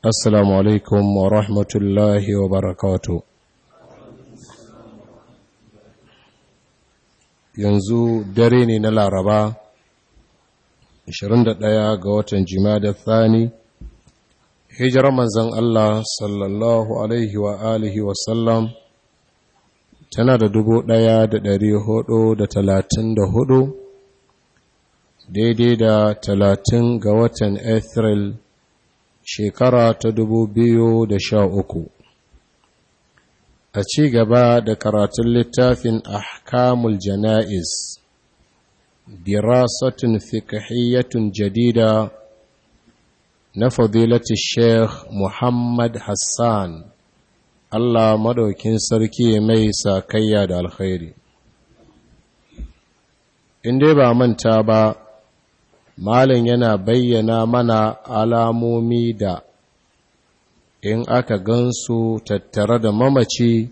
Assalamu alaikum wa rahmatullahi wa barakatu. Yanzu dare ne na Laraba, 21 ga watan da Thani, hijirar manzan Allah sallallahu Alaihi wa alihi wasallam tana da dubu ɗaya da dari hudu da talatin da hudu, daidai da talatin ga watan Afril shekara ta dubu biyu da sha uku. a ci gaba da karatun littafin ahkamul jana'iz dirasatun fiqhiyyatun jadida na fadilati sheikh muhammad hassan allah madaukin sarki mai sakayya da alkhairi in dai ba manta ba Malam yana bayyana mana alamomi da in aka gansu tattare da mamaci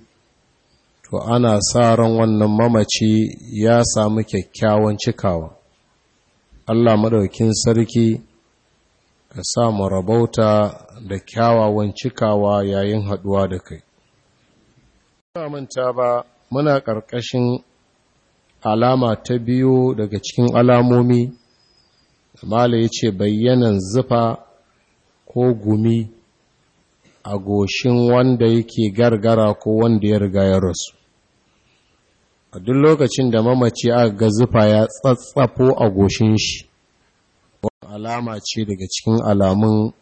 to ana sa ran wannan mamaci ya samu kyakkyawan cikawa Allah madaukin sarki ka sa mu rabauta da kyawawan cikawa yayin haduwa da kai manta ba muna ƙarƙashin alama ta biyu daga cikin alamomi mala ya ce bayyanan zufa ko gumi a goshin wanda yake gargara ko wanda ya riga ya rasu a duk lokacin da mamaci aka ga zufa ya tsatsafo a goshin shi alama ce daga cikin alamun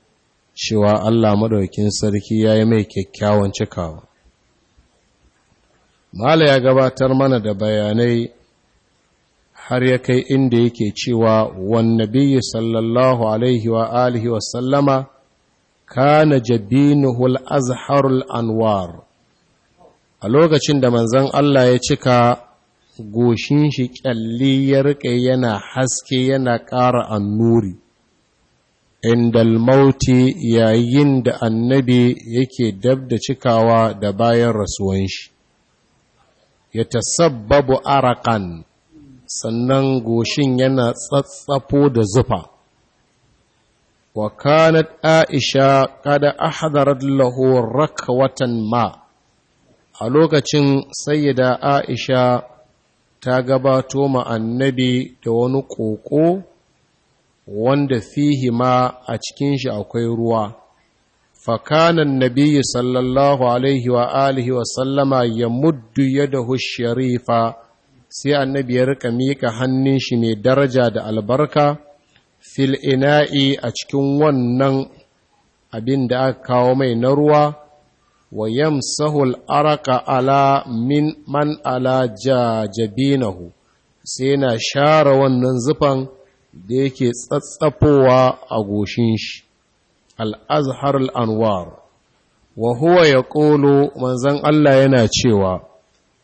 cewa Allah maɗaukin sarki ya yi mai kyakkyawan cikawa mala ya gabatar mana da bayanai har ya kai inda yake cewa wannabiyyi sallallahu alaihi wa alihi wa sallama kana jabinuhu al-azharul anwar a lokacin da manzon Allah ya cika goshin shi kyalli ya rike yana haske yana ƙara annuri Indalmauti mauti yayin da annabi yake dabda cikawa da bayan rasuwan shi yatasabbabu arakan sannan goshin yana tsatsafo da zufa wa kanat aisha kada ahdarat lahu rakwatan ma a lokacin sayyida aisha ta gabato ma annabi da wani koko wanda fihi ma a cikin shi akwai ruwa Fakanan النبي صلى الله ya وآله وسلم sai annabi ya rika miƙa hannun shi mai daraja da albarka fil ina'i a cikin wannan abin da aka kawo mai na ruwa wa yamsahul araka ala min man ala jajabinahu sai na share wannan zufan da yake tsatsafowa a goshin shi al'azhar al'anwar wa huwa ƙolo manzon Allah yana cewa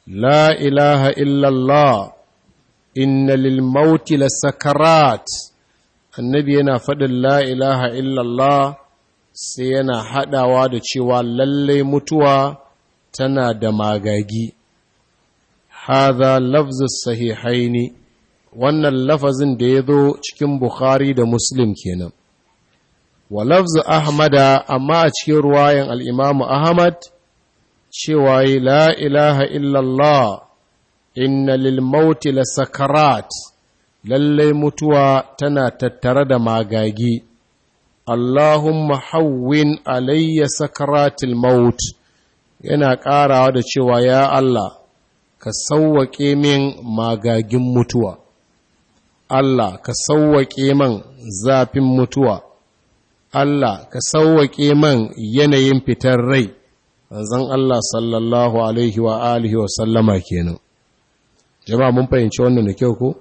la ilaha illallah inna lil mauti la sakarat annabi yana faɗin la ilaha illallah sai yana haɗawa da cewa lallai mutuwa tana da magagi haza lafzus sahihaini wannan lafazin da ya zo cikin bukhari da muslim kenan wa lafzu ahmada amma a cikin ruwayan al'imamu ahmad cewa yi la ilaha illallah inna lil mauti la sakarat lallai mutuwa tana tattare da magagi Allahumma hawwin alayya sakaratil maut yana ƙarawa da cewa ya Allah ka sauwaƙe min magagin mutuwa Allah ka sauwaƙe min zafin mutuwa Allah ka sauwaƙe min yanayin fitar rai manzon Allah sallallahu alaihi wa alihi wa sallama kenan jama'a mun fahimci wannan da kyau ko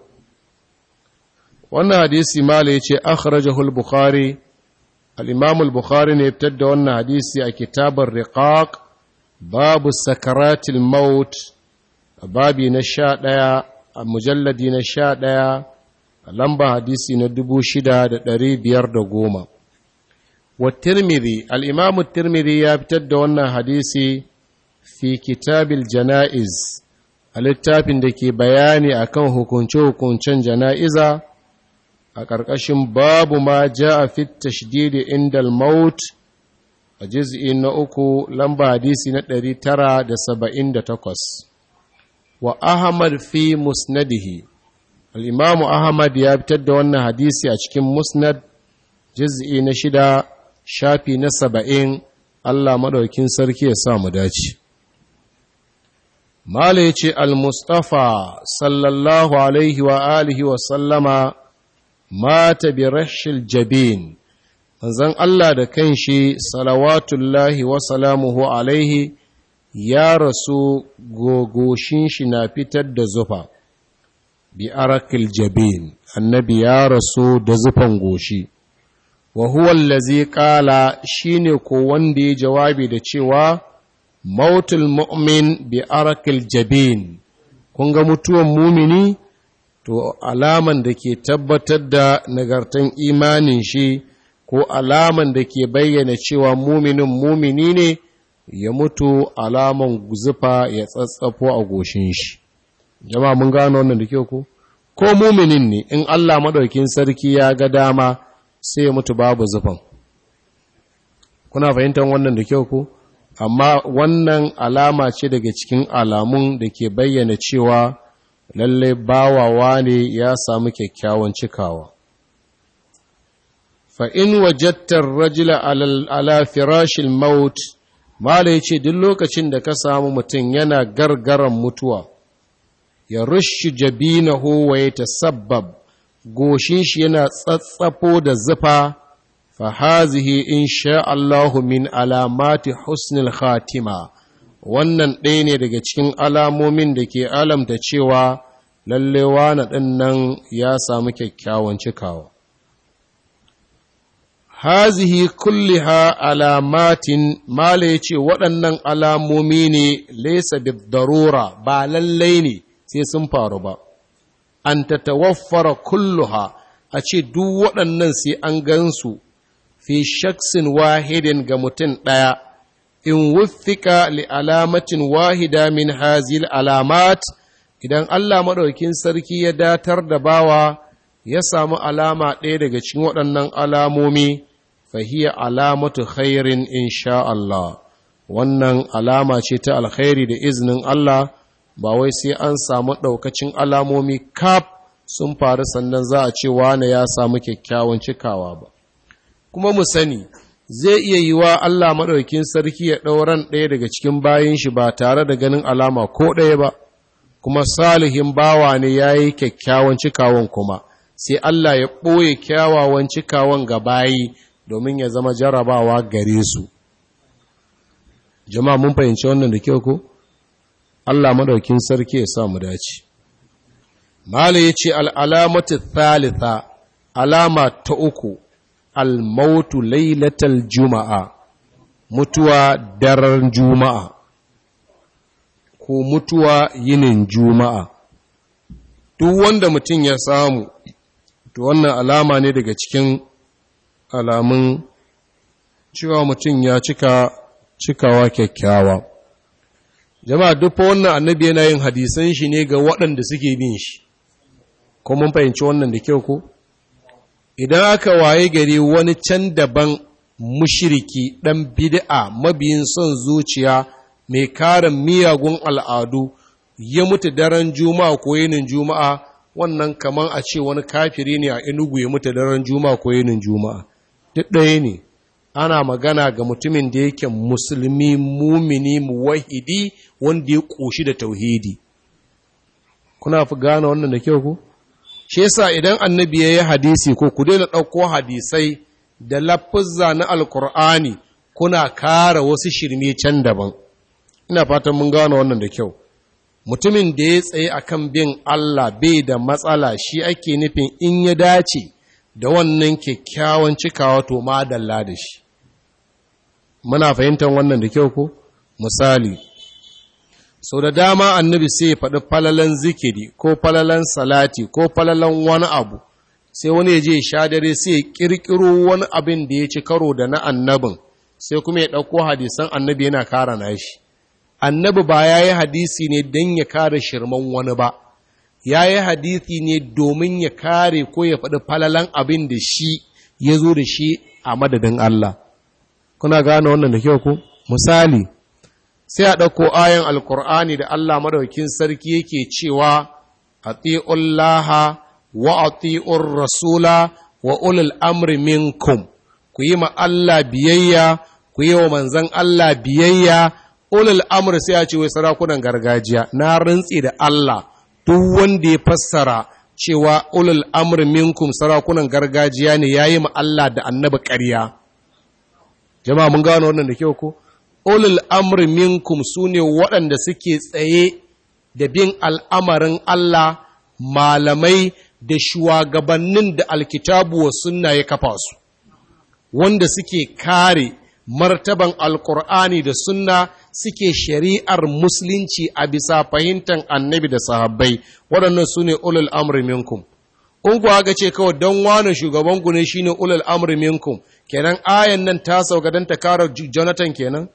wannan hadisi mala yace akhrajahu al-bukhari al-imam bukhari ne fitar da wannan hadisi a kitabar riqaq babu sakaratil maut babi na 11 a mujalladi na sha 11 lamba hadisi na dubu shida da ɗari biyar goma. WaTirmiri, tirmidhi al ya fitar da wannan hadisi fi kitabil janaiz a littafin da ke bayani akan hukunce-hukuncen jana'iza a ƙarƙashin babu ma ja a fit tashdidi inda maut a jiz'i na uku lamba hadisi na 978 wa ahmad fi musnadihi al'imamu ahmad ya fitar da wannan hadisi a cikin musnad jiz'i na shida shafi na saba'in Allah maɗaukin sarki ya sa mu dace. Mala ya ce, Al-Mustafa, sallallahu Alaihi wa alihi wa sallama, mata bi rashil jabin, zan Allah da kanshi, salawatullahi wa salamuhu alaihi, ya rasu gogoshin shi na fitar da zufa, bi arakil jabin, annabi ya rasu da zufan goshi. wa huwa allazi qala shine ko wanda ya jawabi da cewa mautul mu'min bi arqil jabin kun ga mutuwan mumini to alaman da ke tabbatar da nagartan imanin shi ko alaman da ke bayyana cewa muminin mumini ne ya mutu alaman zufa ya tsatsafo a goshin shi jama'a mun gano wannan da kyau ko ko muminin ne in Allah madaukin sarki ya ga dama sai ya mutu babu zufan kuna fahimtar wannan da kyau ku amma wannan alama ce daga cikin alamun da ke bayyana cewa lalle bawawa ne ya samu kyakkyawan cikawa fa in wajattar rajila ala firashil maut mala yace duk lokacin da ka samu mutum yana gargaran mutuwa ya na jabinahu wa yatasabbab goshin shi yana tsatsafo da zufa fa hazihi insha Allahu min alamati husnil khatima wannan ɗaya ne daga cikin alamomin da ke alamta cewa lalle wani ɗin nan ya samu kyakkyawan cikawa hazihi kulliha alamatin mala ya ce waɗannan alamomi ne laisa darura ba lallai ne sai sun faru ba an tatawaffara kulluha a ce duk waɗannan sai an gansu fi shaksin wahidin ga mutum ɗaya in wuffika li alamacin wahida min hazil alamat idan Allah maɗaukin sarki ya datar da bawa ya samu alama ɗaya daga cikin waɗannan alamomi fahiya alamatu khairin insha Allah wannan alama ce ta alkhairi da iznin Allah ba wai sai an samu ɗaukacin alamomi kaf sun faru sannan za a ce wane ya samu kyakkyawan cikawa ba kuma mu sani zai iya yi wa Allah maɗaukin sarki ya ɗauran ɗaya daga cikin bayan shi ba tare da ganin alama ko ɗaya ba kuma salihin bawa ne ya yi kyakkyawan cikawan kuma sai Allah ya ɓoye kyawawan cikawan ga bayi domin ya zama jarabawa gare su jama'a mun fahimci wannan da kyau ko Allah madaukin sarki ya sa mu dace Malam yace al alamatu thalitha alama ta uku al mautu lailatal juma'a mutuwa daren juma'a ko mutuwa yinin juma'a duk wanda mutum ya samu to wannan alama ne daga cikin alamun cewa mutum ya cika cikawa kyakkyawa jama'a duk wannan annabi yana yin hadisan shi ne ga waɗanda suke bin shi ko mun fahimci wannan da kyau ko idan aka waye gari wani can daban mushiriki ɗan bid'a mabiyin son zuciya mai karin miyagun al'adu ya mutu daren juma'a ko yinin juma'a wannan kamar a ce wani kafiri ne a Enugu ya mutu daren juma'a ko yinin juma'a duk ɗaya ne ana magana ga mutumin da yake musulmi mumini muwahidi wanda ya ƙoshi da tauhidi kuna fi gane wannan da kyau ku shi yasa idan annabi ya yi hadisi ko ku daina ɗauko hadisai da lafuzza na alkur'ani kuna kara wasu shirme can daban ina fatan mun gane wannan da kyau mutumin da ya tsaye akan bin Allah bai da matsala shi ake nufin in ya dace da wannan kyakkyawan cikawa to ma dalla da shi muna fahimtar wannan da kyau ko misali sau da dama annabi sai faɗi falalan zikiri ko falalan salati ko falalan wani abu sai wani ya je sha dare sai ya ƙirƙiro wani abin da ya ci karo da na annabin sai kuma ya ɗauko hadisan annabi yana kara na shi annabi ba ya yi hadisi ne don ya kara shirman wani ba ya yi hadithi ne domin ya kare ko ya faɗi falalan abin da shi ya zo da shi a madadin Allah. Kuna gane wannan da kyau ku? Misali, sai a ɗauko ayan Alƙur'ani da Allah madaukin sarki yake cewa, a laha wa a rasula wa ulul amri minkum, ku yi ma Allah biyayya, ku yi wa manzan Allah biyayya, ulul amri sai a ce wai sarakunan gargajiya, na rintsi da Allah. duk wanda ya fassara cewa ulul amr minkum sarakunan gargajiya ne yayi ma Allah da annabi ƙarya Jama mun gano wannan da kyau ko ulul amr minkum sune waɗanda suke tsaye da bin al'amarin Allah malamai da shugabannin da alkitabu wa sunna ya kafa su wanda suke kare martaban alkur'ani da sunna suke shari'ar musulunci a bisa fahimtar annabi da sahabbai waɗannan su ne ulul amri minkum in kuwa ga ce kawai don wani shugaban ku ne shine ulul amri minkum kenan ayan nan ta sauka don ta kara jonathan kenan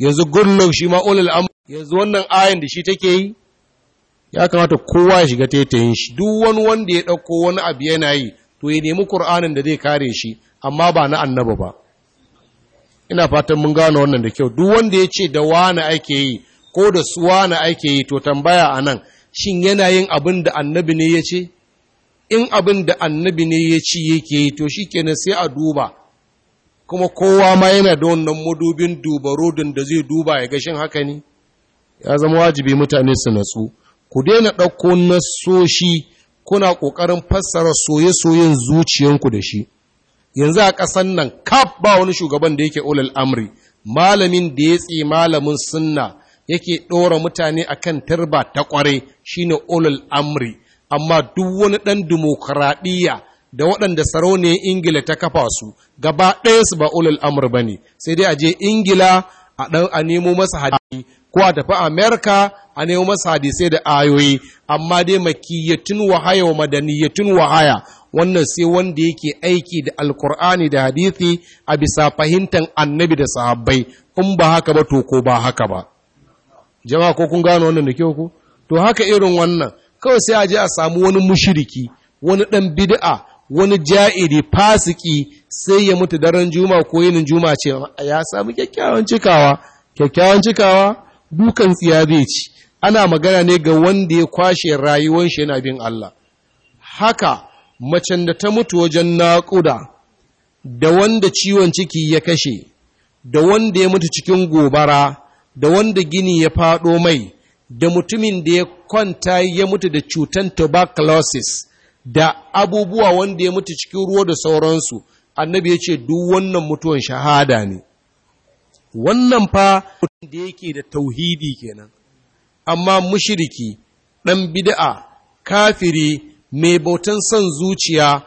yanzu gullum shi ma ulul amri yanzu wannan ayan da shi take yi ya kamata kowa ya shiga taitayin shi duk wani wanda ya ɗauko wani abu yana yi to ya nemi ƙur'anin da zai kare shi amma ba na annaba ba ina fatan mun gano wannan da kyau duk wanda ya ce da wani ake yi ko da su wani ake yi to tambaya a nan shin yana yin abin da annabi ne ya ce in abin da annabi ne ya ci yake yi to shi kenan sai a duba kuma kowa ma yana da wannan madubin dubarodin da zai duba ya gashin haka ne ya zama wajibi mutane su natsu ku daina ɗauko nasoshi kuna ƙoƙarin fassara soye-soyen zuciyanku da shi yanzu a ƙasan nan kaf ba wani shugaban da yake ulul amri malamin da ya tsi malamin sunna yake ɗora mutane a kan turba ta ƙware shine ulul amri amma duk wani ɗan dimokuraɗiyya da waɗanda sarauniyar ingila ta kafa su gaba ɗaya su ba ulul amri ba ne sai dai a je ingila a ɗan a nemo masa hadisi ko a tafi amerika a nemo masa hadisai da ayoyi amma dai makiyatun wahaya wa madaniyatun wahaya wannan sai wanda yake aiki da alkur'ani da hadithi a bisa fahimtar annabi da sahabbai in ba haka ba to ko ba haka ba jama'a ko kun gano wannan da kyau ku to haka irin wannan kawai sai a je a samu wani mushiriki wani dan bid'a wani ja'iri fasiki sai ya mutu daren juma ko yinin juma ce ya samu kyakkyawan cikawa kyakkyawan cikawa dukan tsiya zai ci ana magana ne ga wanda ya kwashe rayuwar shi yana bin Allah haka macen da ta mutu wajen naƙuda da wanda ciwon ciki ya kashe da wanda ya mutu cikin gobara da wanda gini ya faɗo mai da mutumin da ya kwanta ya mutu da cutan tuberculosis da abubuwa wanda ya mutu cikin ruwa da sauransu annabi ya ce duk wannan mutuwan shahada ne wannan fa mutum da yake da tauhidi kenan amma mushiriki ɗan bid'a kafiri mai bautan son zuciya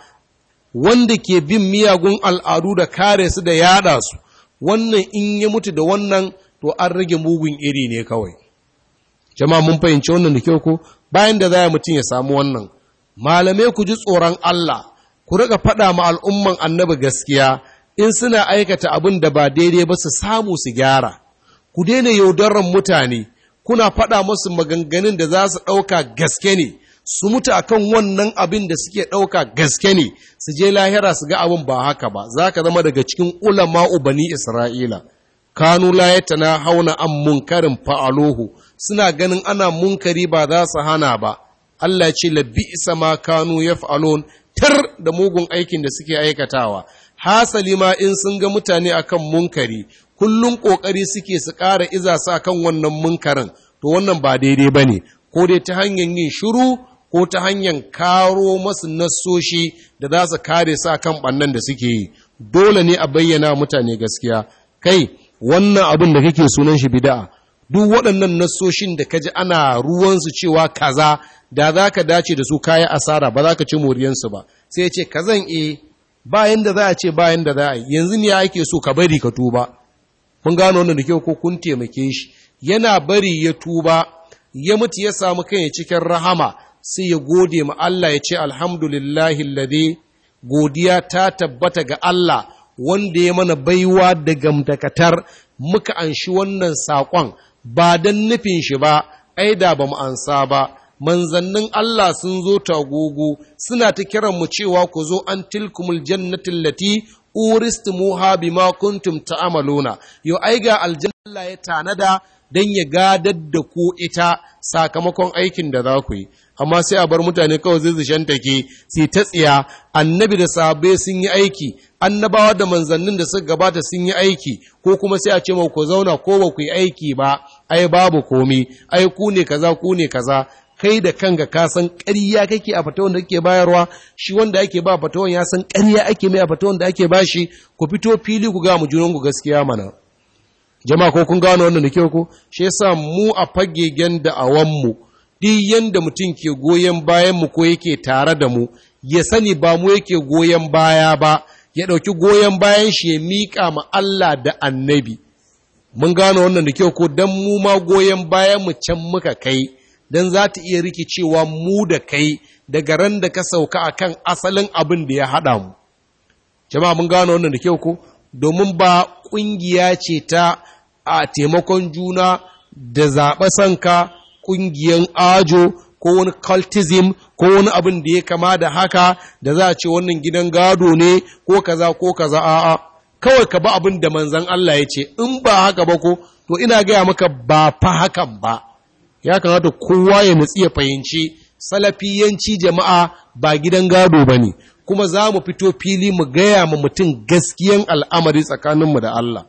wanda ke bin miyagun al'adu da kare su da yada su wannan in ya mutu da wannan to an rage mugun iri ne kawai jama'a mun fahimci wannan da kyau ko bayan da za mutum ya samu wannan malamai ku ji tsoron Allah ku riga faɗa ma al'umman annabi gaskiya in suna aikata abin da ba daidai ba su samu su gyara ku daina yaudarar mutane kuna faɗa musu maganganun da za su ɗauka gaske ne su mutu akan wannan abin da suke ɗauka gaske ne su je lahira su ga abin ba haka ba za ka zama daga cikin ulama ubani isra'ila kanu layata na hauna an munkarin fa'alohu suna ganin ana munkari ba za su hana ba Allah ce labbi isa ma kanu ya fa'alon tar da mugun aikin da suke aikatawa hasali ma in sun ga mutane akan munkari kullum ƙoƙari suke su ƙara iza sa kan wannan munkarin to wannan ba daidai ba ne ko dai ta hanyar yin shiru ko ta hanyar karo masu nassoshi da za su kare su kan bannan da suke yi dole ne a bayyana mutane gaskiya kai wannan abin da kake sunan shi bid'a duk waɗannan nassoshin da kaji ana ruwansu cewa kaza da za ka dace da su kayi asara ba za ka ci moriyansu ba sai ya ce kazan e bayan da za a ce bayan da za a yanzu ne ake so ka bari ka tuba mun gano wannan da kyau ko kun taimake shi yana bari ya tuba ya mutu ya samu kai cikin rahama sai ya gode ma Allah ya ce alhamdulillahi lade godiya ta tabbata ga Allah wanda ya mana baiwa da gamtakatar muka anshi wannan saƙon ba don nufin shi ba ai da ba mu ansa ba manzannin Allah sun zo ta tagogo suna ta kiran mu cewa ku zo an tilkumul jannatin lati uristumuha bima kuntum amaluna.' Yau ai ga aljanna Allah ya tanada don ya gadar da ku ita sakamakon aikin da za ku yi amma sai a bar mutane kawai zai zishen take sai ta tsiya annabi da sabai sun yi aiki annabawa da manzannin da suka gabata sun yi aiki ko kuma sai a ce ma ku zauna ko ba ku yi aiki ba ai babu komi ai ku ne kaza ku ne kaza kai da kanka ka san ƙarya kake a fatawan da kake bayarwa shi wanda ake ba fatawan ya san ƙarya ake mai a fatawan da ake bashi ku fito fili ku ga mu junan ku gaskiya mana jama'a ko kun gano wannan da kyau ko shi yasa mu a fagegen da'awan mu duk yanda mutum ke goyon bayan mu ko yake tare da mu ya sani ba mu yake goyon baya ba ya ɗauki goyon bayan shi ya miƙa ma Allah da annabi mun gano wannan da kyau ko dan mu ma goyon bayan mu can muka kai dan za ta iya rikicewa mu da kai daga ran da ka sauka akan asalin abin da ya haɗa mu jama'a mun gano wannan da kyau ko domin ba ƙungiya ce ta a taimakon juna da zaɓa sanka ƙungiyan ajo ko wani cultism ko wani abin da ya kama da haka da za a ce wannan gidan gado ne ko kaza ko kaza a'a kawai ka ba abin da manzan Allah ya ce in ba haka ba ko to ina gaya maka ba fa hakan ba ya kamata kowa ya nutsi ya fahimci salafiyanci jama'a ba gidan gado ba ne kuma za mu fito fili mu gaya ma mutum gaskiyan al'amari tsakaninmu da Allah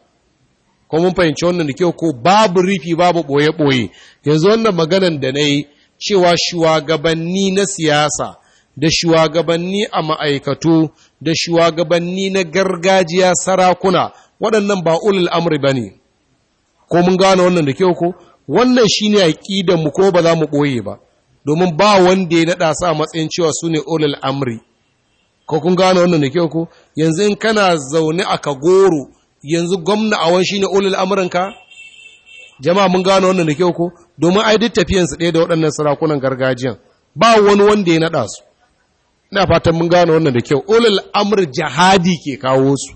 ko mun fahimci wannan da kyau ko babu rifi babu ɓoye-ɓoye yanzu wannan maganan da na yi cewa shugabanni na siyasa da shugabanni a ma'aikatu da shugabanni na gargajiya sarakuna waɗannan ba ulul amri ba ne ko mun gane wannan da kyau ko wannan shi ne mu ko ba za mu ɓoye ba domin ba wanda ya naɗa sa matsayin cewa su ne ulul amri ko kun gane wannan da kyau ko yanzu in kana zaune a kagoro yanzu gwamna a wani shine ulul amrinka jama'a mun gane wannan da kyau ko domin ai duk tafiyan su da waɗannan sarakunan gargajiyan ba wani wanda ya naɗa su ina fatan mun gane wannan da kyau ulul amr jihadi ke kawo su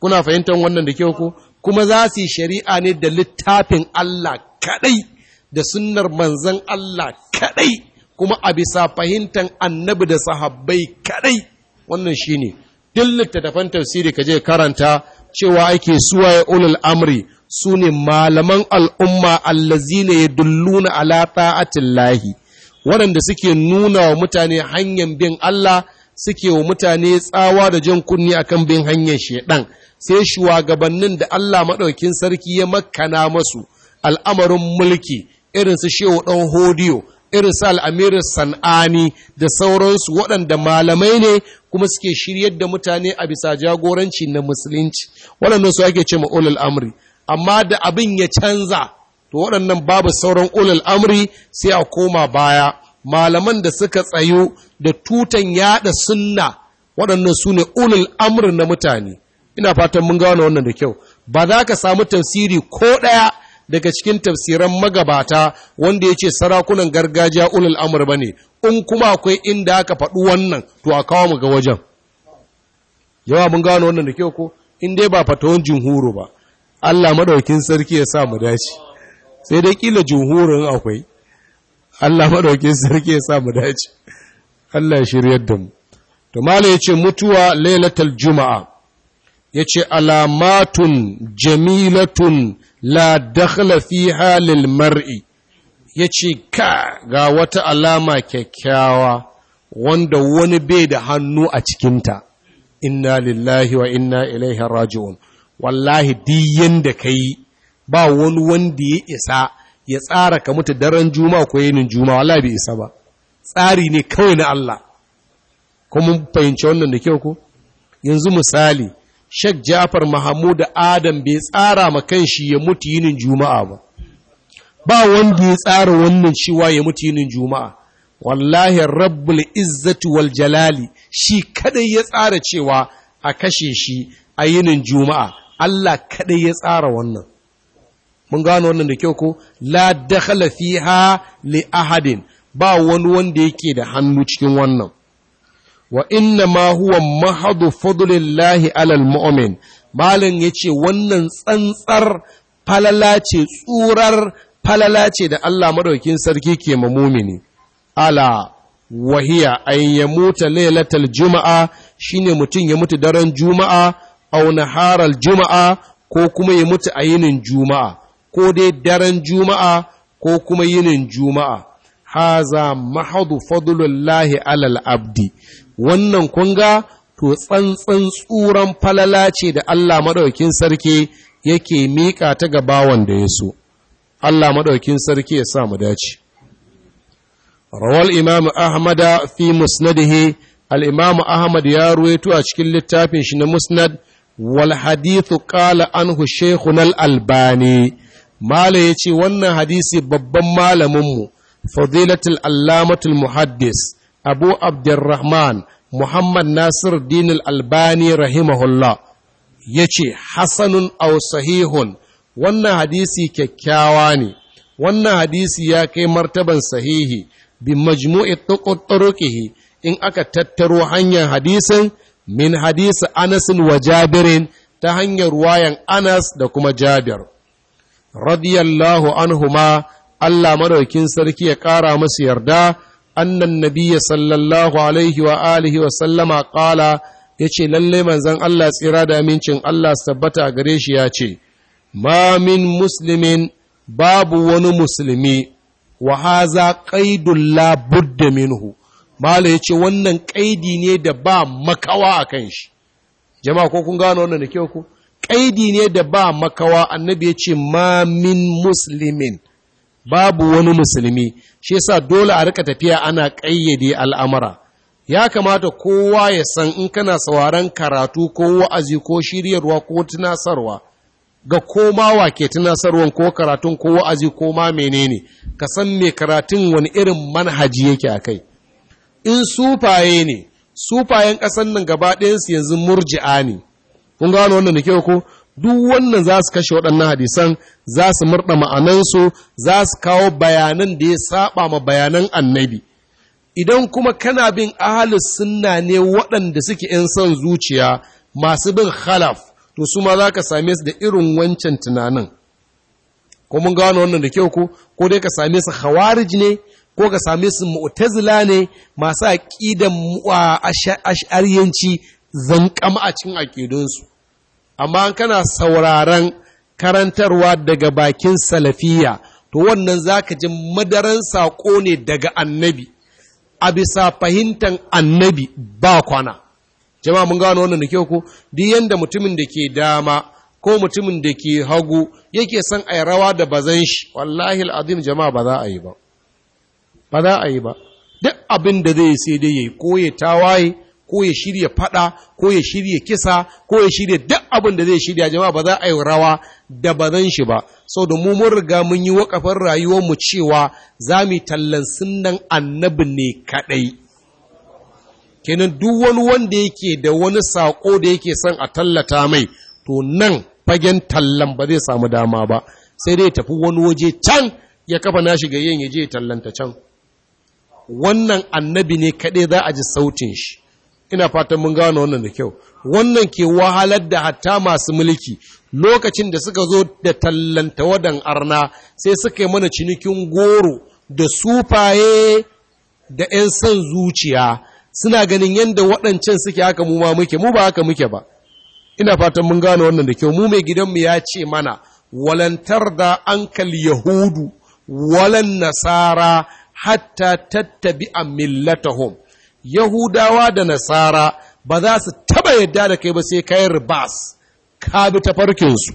kuna fahimtar wannan da kyau ko kuma za su yi shari'a ne da littafin Allah kaɗai da sunnar manzon Allah kaɗai kuma a bisa fahimtar annabi da sahabbai kadai wannan shine duk littattafan ka kaje karanta cewa ake suwaye ulul amri su ne malaman al'umma allazina ya dulluna ala ta'atin lahi waɗanda suke nuna wa mutane hanyar bin Allah suke wa mutane tsawa da jan kunni kan bin hanyar shaiɗan sai shugabannin da Allah maɗaukin sarki ya makana masu al'amarin mulki irin su ɗan hodiyo irisal amirin san'ani da sauransu waɗanda malamai ne kuma suke shiryar da mutane a bisa jagoranci na musulunci waɗannan su ake ce ma amri amma da abin ya canza to waɗannan babu sauran ulul amri sai a koma baya malaman da suka tsayo da tutan yada sunna waɗannan su ne ulul amri na mutane ina fatan mun gano wannan da kyau ba za ka samu tafsiri ko ɗaya daga cikin tafsiran magabata wanda ya ce sarakunan gargajiya ulul amur ba ne in kuma akwai inda aka faɗi wannan to a kawo mu ga wajen yawa mun gano wannan da kyau ko in dai ba fatawan jihuru ba Allah madaukin sarki ya sa mu dace sai dai kila jumhurin akwai Allah madaukin sarki ya sa mu dace Allah ya shiryar da mu to mala ce mutuwa lailatul juma'a ya ce alamatun jamilatun la dakhla fiha lil mar'i yace ka ga wata alama kyakkyawa wanda wani bai da hannu a cikinta inna lillahi wa inna ilaihi raji'un wallahi diyan da kai ba wani wanda ya isa ya tsara ka mutu daren juma'a ko yinin juma'a wallahi bai isa ba tsari ne kawai na Allah kuma fahimci wannan da kyau ko yanzu misali shek Jafar Mahmud Adam bai tsara ma shi ya mutu yinin Juma'a ba. Ba wanda ya tsara wannan cewa ya mutu yinin Juma'a. Wallahi Rabbul Izzati wal Jalali shi kadai ya tsara cewa a kashe shi a yinin Juma'a. Allah kadai ya tsara wannan. Mun gano wannan da kyau ko la dakhala fiha li ahadin ba wani wanda yake da hannu cikin wannan. Wa'inna inna ma huwa mahadu fadlillahi alal mu'min malam yace wannan tsantsar falala ce tsurar falala ce da Allah madaukin sarki ke ma mumini ala wahiya an yamuta lailatal juma'a shine mutum ya mutu daren juma'a auna naharal juma'a ko kuma ya mutu a yinin juma'a ko dai daren juma'a ko kuma yinin juma'a haza mahadu fadlullahi alal abdi wannan kunga to tsantsan tsuran falala ce da Allah maɗaukin sarki yake miƙa ta ga bawan da ya so Allah maɗaukin sarki ya sa mu dace rawal imam ahmada fi musnadihi al imam ahmad ya ruwaito a cikin littafin shi na musnad wal hadithu qala anhu shaykhun al albani mala yace wannan hadisi babban malamin mu fadilatul allamatul muhaddis abu abdurrahman muhammad nasir dinil albani rahimahullah ya ce Hassanun au sahihun wannan hadisi kyakkyawa ne wannan hadisi ya kai martaban sahihi bi majmu'i tukuturukihi in aka tattaro hanyar hadisin min hadisi anasin wa jabirin ta hanyar wayan anas da kuma jabir radiyallahu anhuma Allah madaukin sarki ya ƙara masu yarda Hannan nabiyya sallallahu alaihi wa alihi wa sallama qala yace lalle manzon Allah tsira da amincin Allah tabbata gare shi ya ce ma min babu wani musulmi wa haza qaidul la budda minhu mala yace wannan kaidi ne da ba makawa akan shi jama'a ko kun gano wannan da kyau ku kaidi ne da ba makawa annabi yace ma min muslimin babu wani musulmi shi yasa dole a rika tafiya ana ƙayyade al'amura ya kamata kowa ya san in kana sauraron karatu ko wa'azi ko shiryarwa ko tunasarwa ga koma wa ke tunasarwan ko karatun ko wa'azi ko ma menene ka san me karatun wani irin manhaji yake a kai in sufaye ne sufayen ƙasar nan gaba ɗayansu yanzu murji'a ne kun gano wannan da kyau ko duk wannan za su kashe waɗannan hadisan za su murɗa ma'anansu za su kawo bayanan da ya saba ma bayanan annabi idan kuma kana bin ahalus sunna ne waɗanda suke ‘yan son zuciya masu bin khalaf to su ma za ka same su da irin wancan tunanin ko mun gano wannan da kyau ko ko dai ka same su khawarij ne ko ka same su mu'tazila ne masu aqidan ash'ariyanci zankama a cikin aƙidunsu. amma kana sauraron karantarwa daga bakin salafiya to wannan zaka ji madaran saƙo ne daga annabi a bisa fahimtar annabi ba kwana jama'a mun gano wannan da kyau ku? duk yanda mutumin da ke dama ko mutumin da ke hagu yake son a rawa da bazan shi wallahi al'azim jama'a ba za a yi ba ba za a yi ba duk abin da zai sai dai yayi ko ya tawaye ko ya shirya fada ko ya shirya kisa ko ya shirya duk abin da zai shirya jama'a ba za a yi rawa da bazan shi ba sau da mu mun riga mun yi wakafin rayuwarmu cewa za mu tallan sunnan annabi ne kaɗai kenan duk wani wanda yake da wani saƙo da yake son a tallata mai to nan fagen tallan ba zai samu dama ba sai dai tafi wani waje can ya kafa nashi yin ya je tallanta can wannan annabi ne kaɗai za a ji sautin shi ina fatan mun gano wannan da kyau wannan ke wahalar da hatta masu mulki lokacin da suka zo da tallanta wadan arna sai suka yi mana cinikin goro da sufaye da 'yan son zuciya suna ganin yadda waɗancan suke haka mu ma muke mu ba haka muke ba ina fatan mun gano wannan da kyau mu mai gidanmu ya ce mana walantar da ankal yahudu walan nasara hatta tattabi a millatahum yahudawa da nasara ba za su taba yadda da kai ba sai kai ribas ka bi tafarkinsu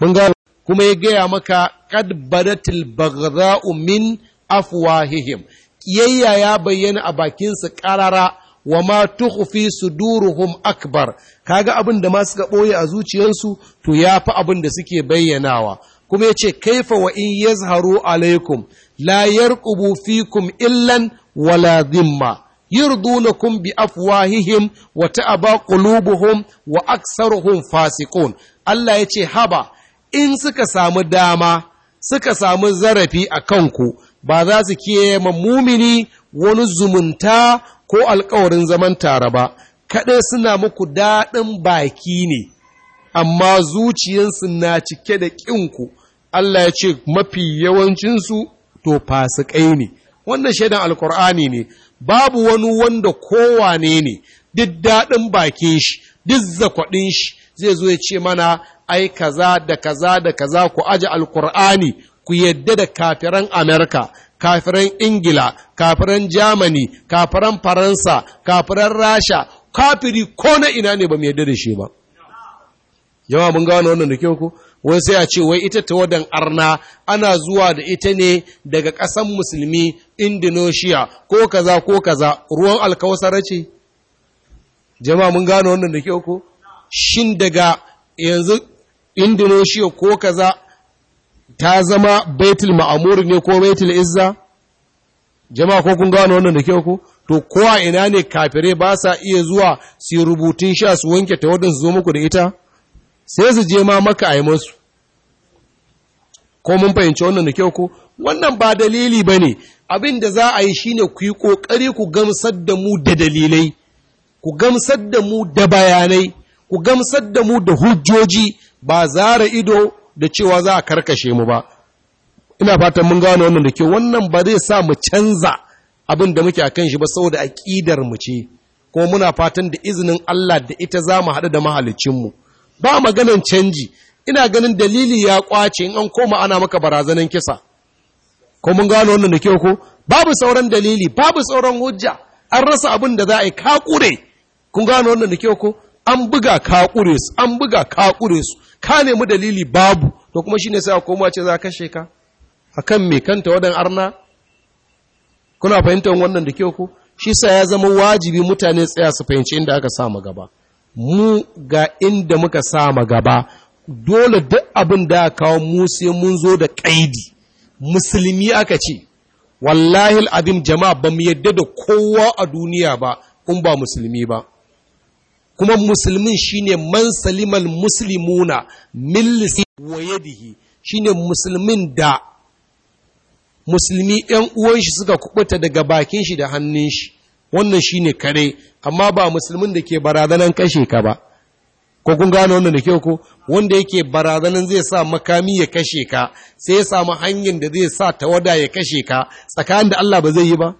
mun gano kuma ya gaya maka qad baratil baghdha'u min afwahihim ƙiyayya ya bayyana a bakinsu ƙarara wa ma tukhfi suduruhum akbar kaga abin da ma suka ɓoye a zuciyarsu to ya yafi abin da suke bayyanawa kuma ya ce kaifa wa in yazharu alaikum la yarqubu fikum illan wala dhimma yurdunakum bi afwahihim wa ta'aba qulubuhum wa aktsaruhum fasiqun Allah ya ce haba in suka samu dama suka samu zarafi a kanku ba za su kiyaye mumini wani zumunta ko alkawarin zaman tare ba kaɗai suna muku daɗin baki ne amma zuciyansu na cike da ƙinku Allah ya ce mafi yawancinsu to fasikai ne wannan shaidan alkur'ani ne babu wani wanda kowane ne duk daɗin bakin shi duk zakwaɗin shi zai zo ya ce mana ai kaza da kaza da kaza ku aji alkur'ani ku yadda da kafiran amerika kafiran ingila kafiran germany kafiran faransa kafiran rasha kafiri ko na ina ne ba mu yadda da shi ba yawa mun gano wannan da kyau ko wani sai a ce wai ita tawadan arna ana zuwa da ita ne daga ƙasan musulmi indonesia ko kaza ko kaza ruwan alkawasara ce jama'a mun gano wannan da kyau ko shin daga yanzu indonesia ko kaza ta zama baitul ma'amur ne ko baitul izza jama'a ko kun gano wannan da kyau ko to kowa ina ne kafirai ba sa iya zuwa su rubutun sha su wanke tawadan su zo muku da ita sai su je ma maka a yi masu ko mun fahimci wannan da kyau ko wannan ba dalili ba ne abin da za a yi shine ku yi ƙoƙari ku gamsar da mu da dalilai ku gamsar da mu da bayanai ku gamsar da mu da hujjoji ba zara ido da cewa za a karkashe mu ba ina fatan mun gano wannan da kyau. wannan ba zai sa mu canza abin da muke a kan shi ba saboda aƙidar mu ce kuma muna fatan da izinin Allah da ita za mu haɗu da mahaliccinmu? mu ba maganan canji ina ganin dalili ya kwace in an koma ana maka barazanan kisa ko mun gano wannan da kyau ko babu sauran dalili babu sauran hujja an rasa abin da za a yi kakure. kun gano wannan da kyau ko an buga kakure su an buga ka su ka nemi dalili babu to kuma shine sai a koma ce za kashe ka akan me kanta wadan arna kuna fahimtar wannan da kyau ko shi sa ya zama wajibi mutane tsaya su fahimci inda aka samu gaba mu ga inda muka sama gaba dole duk abin da kawo mu sai mun zo da ƙaidi musulmi aka ce wallahi al'adim jama'a ba mu yadda da kowa a duniya ba kun ba musulmi ba kuma musulmin shine man salimal muslimuna millisi wa yadihi shine musulmin da musulmi ‘yan uwanshi suka kubuta daga bakin shi da hannun shi wannan shi ne kare amma ba musulmin da ke barazanan kashe ka ba ko kun gano wannan da kyau ko wanda yake barazanan zai sa makami ya kashe ka sai ya samu hanyar da zai sa tawada ya kashe ka tsakanin da Allah ba zai yi ba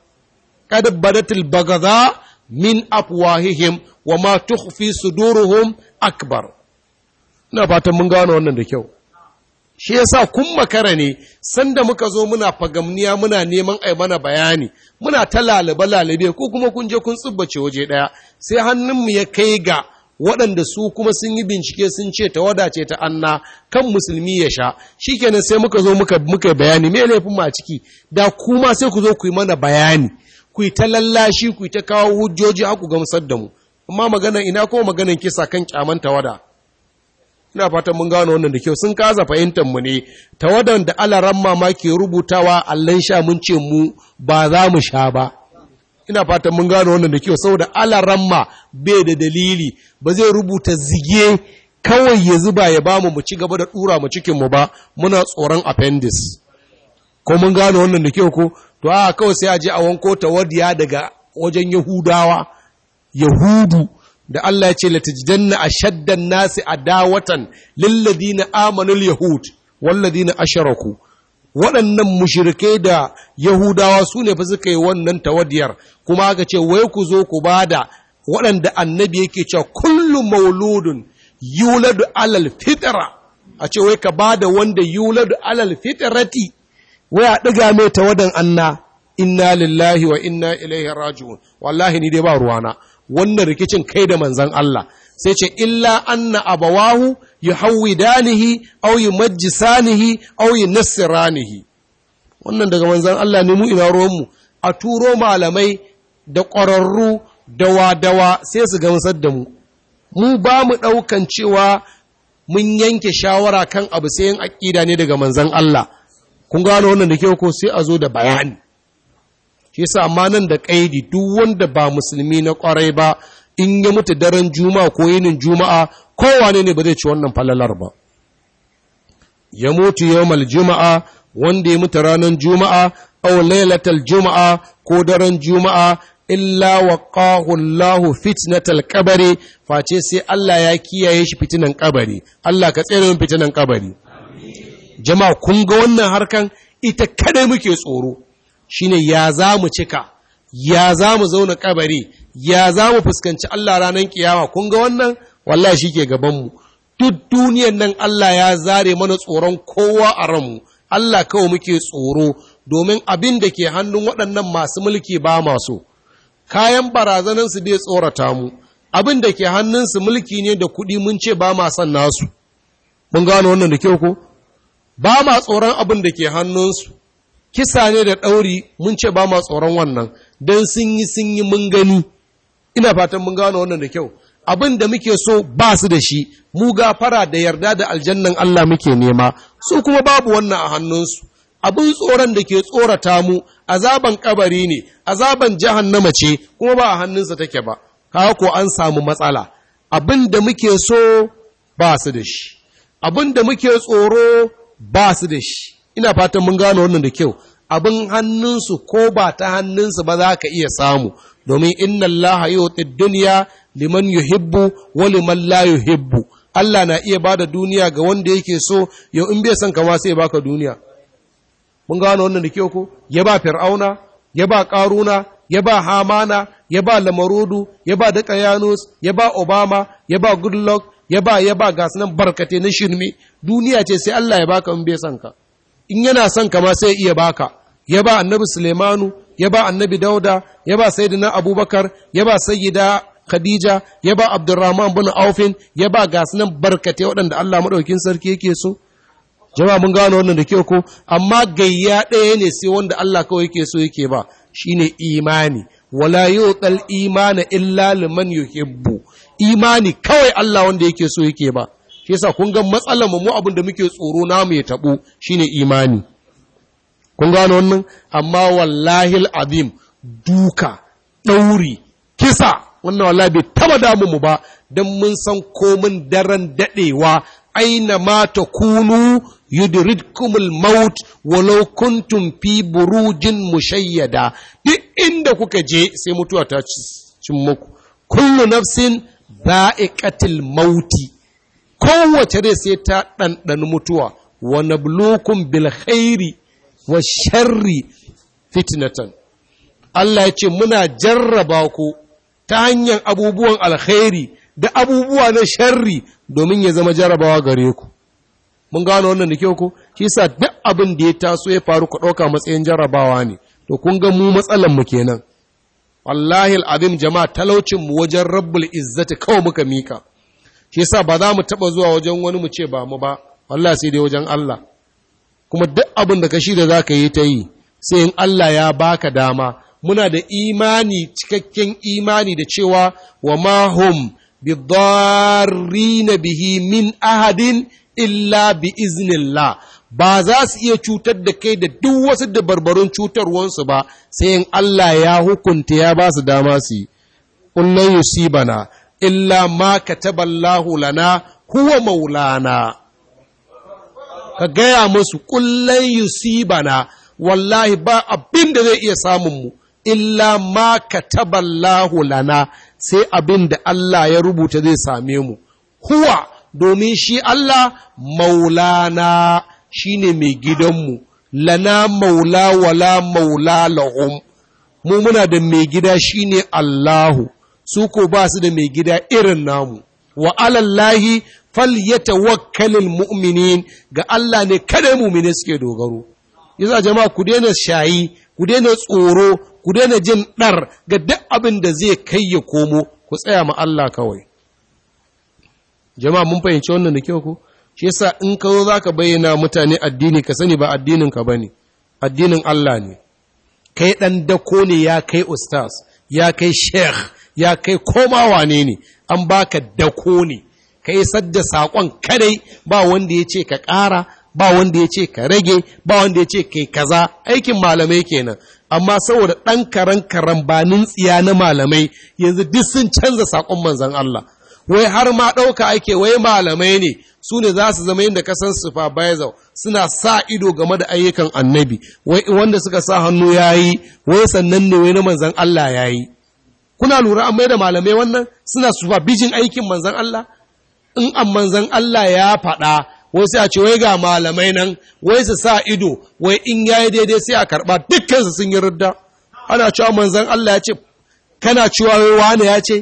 kad badatil bagaza min afwahihim wa ma tukhfi suduruhum akbar ina fatan mun gano wannan da kyau shi yasa kun makara ne sanda muka zo muna fagamniya muna neman ai mana bayani muna ta lalaba lalabe ko kuma kun je kun tsubbace waje daya sai hannunmu ya kai ga waɗanda su kuma sun yi bincike sun ce ta wadace ta anna kan musulmi ya sha shikenan sai muka zo muka muka bayani me laifin ma ciki da kuma sai ku zo ku yi mana bayani ku yi ta lallashi ku yi ta kawo hujjoji aku gamsar da mu amma magana ina kuma maganar kisa kan kyaman tawada ina fatan mun gano wannan da kyau sun kaza fahimtar mu ne ta wadanda ma ke rubutawa allan sha mun ce mu ba za mu sha ba ina fatan mun gano wannan da kyau saboda alaran ma bai da dalili ba zai rubuta zige kawai ya zuba ya bamu mu ci gaba da dura mu cikin mu ba muna tsoron appendix ko mun gano wannan da kyau ko to a kawai sai a je a wanko tawadiya daga wajen yahudawa yahudu da Allah ya ce a ashaddan nasi adawatan lilladina amanul yahud walladina asharaku waɗannan mushirikai da yahudawa su ne fa suka yi wannan tawadiyar kuma aka ce wai ku zo ku bada waɗanda annabi yake cewa kullum mauludun yuladu alal fitra a ce wai ka bada wanda yuladu alal fitrati wai a ɗiga mai tawadan anna inna lillahi wa inna ilaihi raji'un wallahi ni dai ba ruwana wannan rikicin kai da manzan Allah sai ce illa anna abawahu yuhawidanihi auyi majisanihi auyi nasiranihi wannan daga manzan Allah ne mu ina romu a turo malamai da ƙwararru dawa-dawa sai su gamsar da mu mu ba mu ɗaukan cewa mun yanke shawara kan abu sai yin aƙida ne daga manzan Allah kun gano wannan da kyau ko sai a zo da bayani shi yasa amma nan da kaidi duk wanda ba musulmi na kwarai ba in ya mutu daren juma'a ko yinin juma'a kowane ne ba zai ci wannan falalar ba ya mutu yawmal juma'a wanda ya mutu ranar juma'a aw lailatal juma'a ko daren juma'a illa waqahu Allah fitnatal qabri face sai Allah ya kiyaye shi fitinan kabari Allah ka tsere min fitinan kabari jama'a kun ga wannan harkan ita kadai muke tsoro shine ya za mu cika ya za mu zauna kabari ya za mu fuskanci Allah ranar kiyama kun ga wannan wallahi shi ke gabanmu duk duniyan nan Allah ya zare mana tsoron kowa a ranmu Allah kawai muke tsoro domin abin da ke hannun waɗannan masu mulki ba masu kayan barazanansu bai tsorata mu abin da ke hannunsu mulki ne da kuɗi mun ce ba ma son nasu mun gano wannan da kyau ko ba ma tsoron abin da ke hannunsu kisa ne da ɗauri mun ce ba ma tsoron wannan don sun yi sun yi mun gani ina fatan mun gano wannan da kyau abin da muke so ba su da shi mu gafara da yarda da aljannan Allah muke nema su kuma babu wannan a hannunsu abin tsoron da ke tsorata mu azaban kabari ne azaban na mace kuma ba a hannunsa take ba kawo ko an samu matsala abin da muke so ba su da shi abin da muke tsoro ba su da shi ina fatan mun gano wannan da kyau abin hannunsu ko ba ta hannunsu ba za ka iya samu domin inna allaha yuti dunya liman yuhibbu wa liman la yuhibbu Allah na iya bada duniya ga wanda yake so yau in bai son kama sai ya baka duniya mun gano wannan da kyau ko ya ba fir'auna ya ba karuna ya ba hamana ya ba lamarudu ya ba dakayanus ya ba obama ya ba goodluck ya ba ya ba gasu barkate na shirme duniya ce sai Allah ya baka in bai son ka in yana son kama sai iya baka ya ba annabi Sulemanu, ya ba annabi Dauda, ya ba Sayyidina Abubakar, ya ba Sayyida Khadija, ya ba Abdurrahman bin Aufin, ya ba gasunan barkate waɗanda Allah maɗaukin sarki yake so. Jama mun gano wannan da kyau ko, amma gayya ɗaya ne sai wanda Allah kawai yake so yake ba, shine imani. Wala yau ɗal imana illa liman yuhibbu. Imani kawai Allah wanda yake so yake ba. shi yasa kun ga matsalar mu abin da muke tsoro namu ya tabo shine imani kun gano wannan amma wallahi azim duka dauri kisa wannan wallahi bai taba damu mu ba dan mun san komin daren dadewa aina ma takunu yudridkumul maut walau kuntum fi burujin mushayyada duk inda kuka je sai mutuwa ta cin muku kullu nafsin ba'iqatil mauti kowace dai sai ta ɗanɗan mutuwa wa bulukun bilhairi wa sharri fitnatan Allah ya ce muna jarraba ku ta hanyar abubuwan alkhairi da abubuwa na sharri domin ya zama jarrabawa gare ku mun gano wannan da ku shi sa duk abin da ya taso ya faru ku ɗauka matsayin jarrabawa ne to kun ga mu matsalan mu kenan wallahi al'azim jama'a talaucin mu wajen rabbul izzati kawai muka mika shi yasa ba za mu taɓa zuwa wajen wani mu ce ba mu ba wallah sai dai wajen Allah kuma duk abin da ka shi da za ka yi ta yi sai in Allah ya baka dama muna da imani cikakken imani da cewa wa ma hum bidarrina bihi min ahadin illa bi iznillah ba za su iya cutar da kai da duk wasu dabarbarun cutarwansu ba sai in Allah ya hukunta ya ba su dama su yi. Kullum yusibana illa ma kataballahu lana huwa maulana ka gaya musu kullan yusibana wallahi ba abin da zai iya samun mu illa ma kataballahu lana sai abin da Allah ya rubuta zai same mu huwa domin shi Allah maulana shine mai gidanmu lana maula wala maula lahum mu muna da mai gida shine Allahu su ko ba su da mai gida irin namu wa alallahi wakkalin mu'minin ga Allah ne kada mu'mini suke dogaro yasa jama'a ku daina shayi ku daina tsoro ku daina jin ɗar ga duk abin da zai kai ya komo ku tsaya ma Allah kawai jama'a mun fahimci wannan da kyau ko shi yasa in ka zo zaka bayyana mutane addini ka sani ba addinin ka bane addinin Allah ne kai ɗan dako ne ya kai ustaz ya kai sheikh ya kai koma wane ne an baka dako ne ka yi sadda saƙon kadai ba wanda ya ce ka ƙara ba wanda ya ce ka rage ba wanda ya ce kai kaza aikin malamai kenan amma saboda ɗan karan karan banin tsiya na malamai yanzu duk sun canza saƙon manzan Allah wai har ma ɗauka ake wai malamai ne su ne za su zama yadda kasan supervisor suna sa ido game da ayyukan annabi Wai wanda suka sa hannu yayi wai sannan ne wai na manzan Allah yayi kuna lura an da malamai wannan suna bijin aikin manzan Allah in an manzan Allah ya faɗa wai sai a ce wai ga malamai nan wai su sa ido wai in ya yi daidai sai a karɓa su sun yi rudda ana cewa manzan Allah ya ce kana cewa wai wani ya ce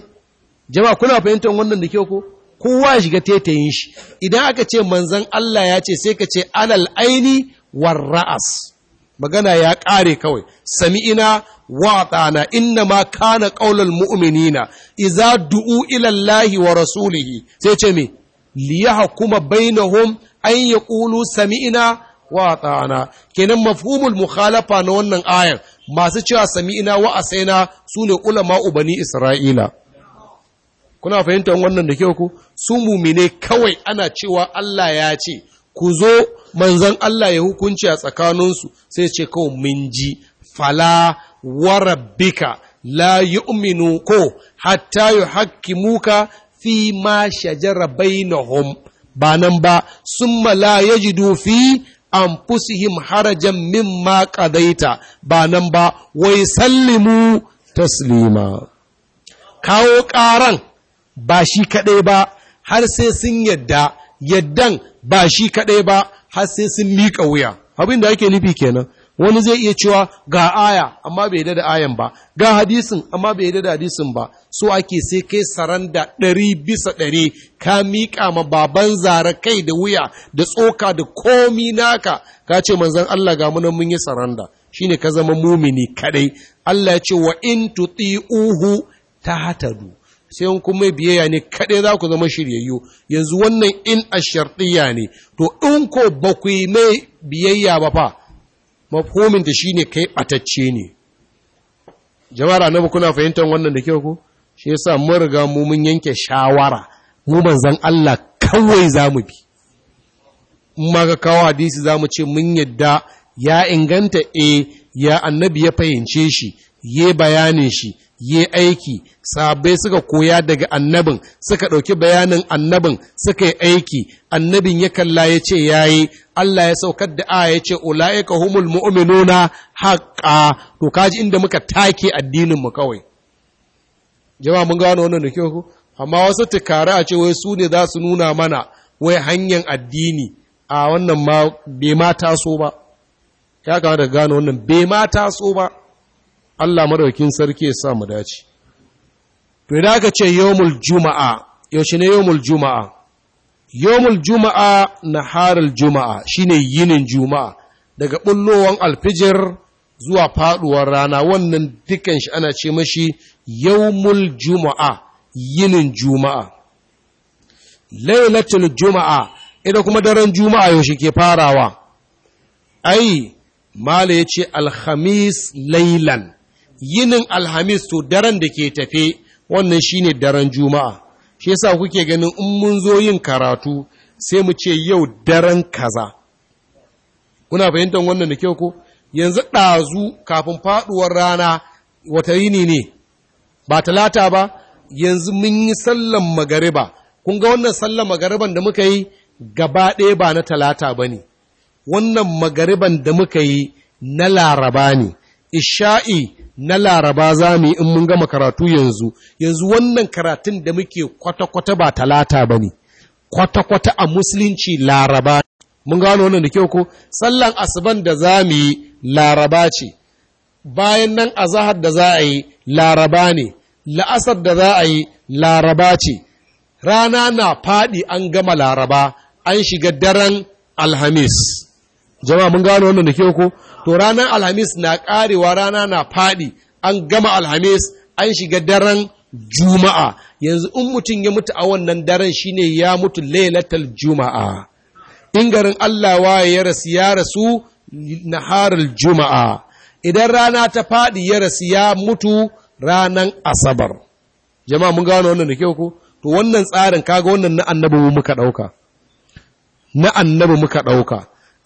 jama'a kuna fahimtar wannan da ke ko kowa ya shiga tetayin shi idan aka ce manzan Allah ya ce sai ka ce alal aini war ra'as magana ya ƙare kawai sami'ina wa atana inna ma kana ƙaunar mu'minina Iza du'u ilallahi wa rasulihi sai ce me liyahkuma bainahum an yaqulu sami'ina wa atana kenan mafhumul mukhalafa na wannan ayar. masu cewa sami'ina wa asaina sune ulama ubani isra'ila kuna fahimtar wannan da kyau ku su mumine kawai ana cewa Allah ya ce ku zo manzan Allah ya hukunci a tsakaninsu sai ce kawo min ji fala warabbika la yu'minu ko hatta haƙƙi muka fi ma shajara bainahum ba nan ba summa la yajidu fi harajen harajan ma ƙadaita ba nan ba wai sallimu taslima kawo ƙaran ba shi kaɗai ba har sai sun yadda yaddan ba shi kaɗai ba har sai sun miƙa wuya abin da ake nufi kenan wani zai iya cewa ga aya amma bai da ayan ba ga hadisin amma bai da hadisin ba so ake sai kai saranda ɗari bisa ɗari ka miƙa ma baban zara kai da wuya da tsoka da komi naka ka ce manzon Allah ga munan mun yi saranda shine ka zama mumini kadai Allah ya ce wa in tuti'uhu tahtadu sai in kun mai biyayya ne kaɗai za ku zama shiryayyu yanzu wannan in a shartiya ne to in ko ba ku yi mai biyayya ba fa mafhumin da shine kai ɓatacce ne jama'ar na kuna fahimtar wannan da kyau ko shi yasa mun riga mu mun yanke shawara mu manzan Allah kawai za mu bi in ma kawo hadisi zamu ce mun yadda ya inganta eh ya annabi ya fahimce shi ye bayanin shi yi aiki sabai suka koya daga annabin suka ɗauki bayanin annabin suka yi aiki annabin ya kalla ya ce ya yi Allah ya saukar da aya ya ce ula'ika humul mu'minuna haƙa to kaji inda muka take addininmu kawai jama mun gano wannan da kyau amma wasu tukare a ce su ne za su nuna mana wai hanyar addini a wannan ma bai ma taso ba ya gano wannan bai ma taso ba Allah madaukin sarki ya sa mu dace to idan aka ce yawmul juma'a yaushe ne yawmul juma'a yawmul juma'a naharul juma'a shine yinin juma'a daga bullowan alfijir zuwa faduwar rana wannan dukan shi ana ce mashi yawmul juma'a yinin juma'a lailatul juma'a ita kuma daren juma'a yaushe ke farawa ai mala yace alhamis lailan yinin alhamis to daren da ke tafe wannan shine daren juma'a shi yasa kuke ganin in mun zo yin karatu sai mu ce yau daren kaza kuna fahimtar wannan da kyau ko yanzu ɗazu kafin faɗuwar rana wata yini ne ba talata ba yanzu mun yi sallan magariba kun ga wannan sallan magariban da muka yi gaba ɗaya ba na talata ba ne wannan magariban da muka yi na laraba ne isha'i na laraba za mu in mun gama karatu yanzu yanzu wannan karatun da muke kwata-kwata ba talata ba ne kwata-kwata a musulunci laraba mun gano wannan da kyau ko sallan asuban da za mu yi laraba ce bayan nan azahar da za a yi laraba ne la'asar da za a yi laraba ce rana na faɗi an gama laraba an shiga daren alhamis jama'a mun gano wannan da kyau ko to ranar alhamis na karewa rana na faɗi an gama alhamis an shiga daren juma'a yanzu in mutum ya mutu a wannan daren shine ya mutu lailatul juma'a in garin Allah waye ya rasu ya rasu naharul juma'a idan rana ta faɗi ya rasu ya mutu ranan asabar jama'a mun gano wannan da kyau ko to wannan tsarin kaga wannan na annabi muka ɗauka na annabi muka ɗauka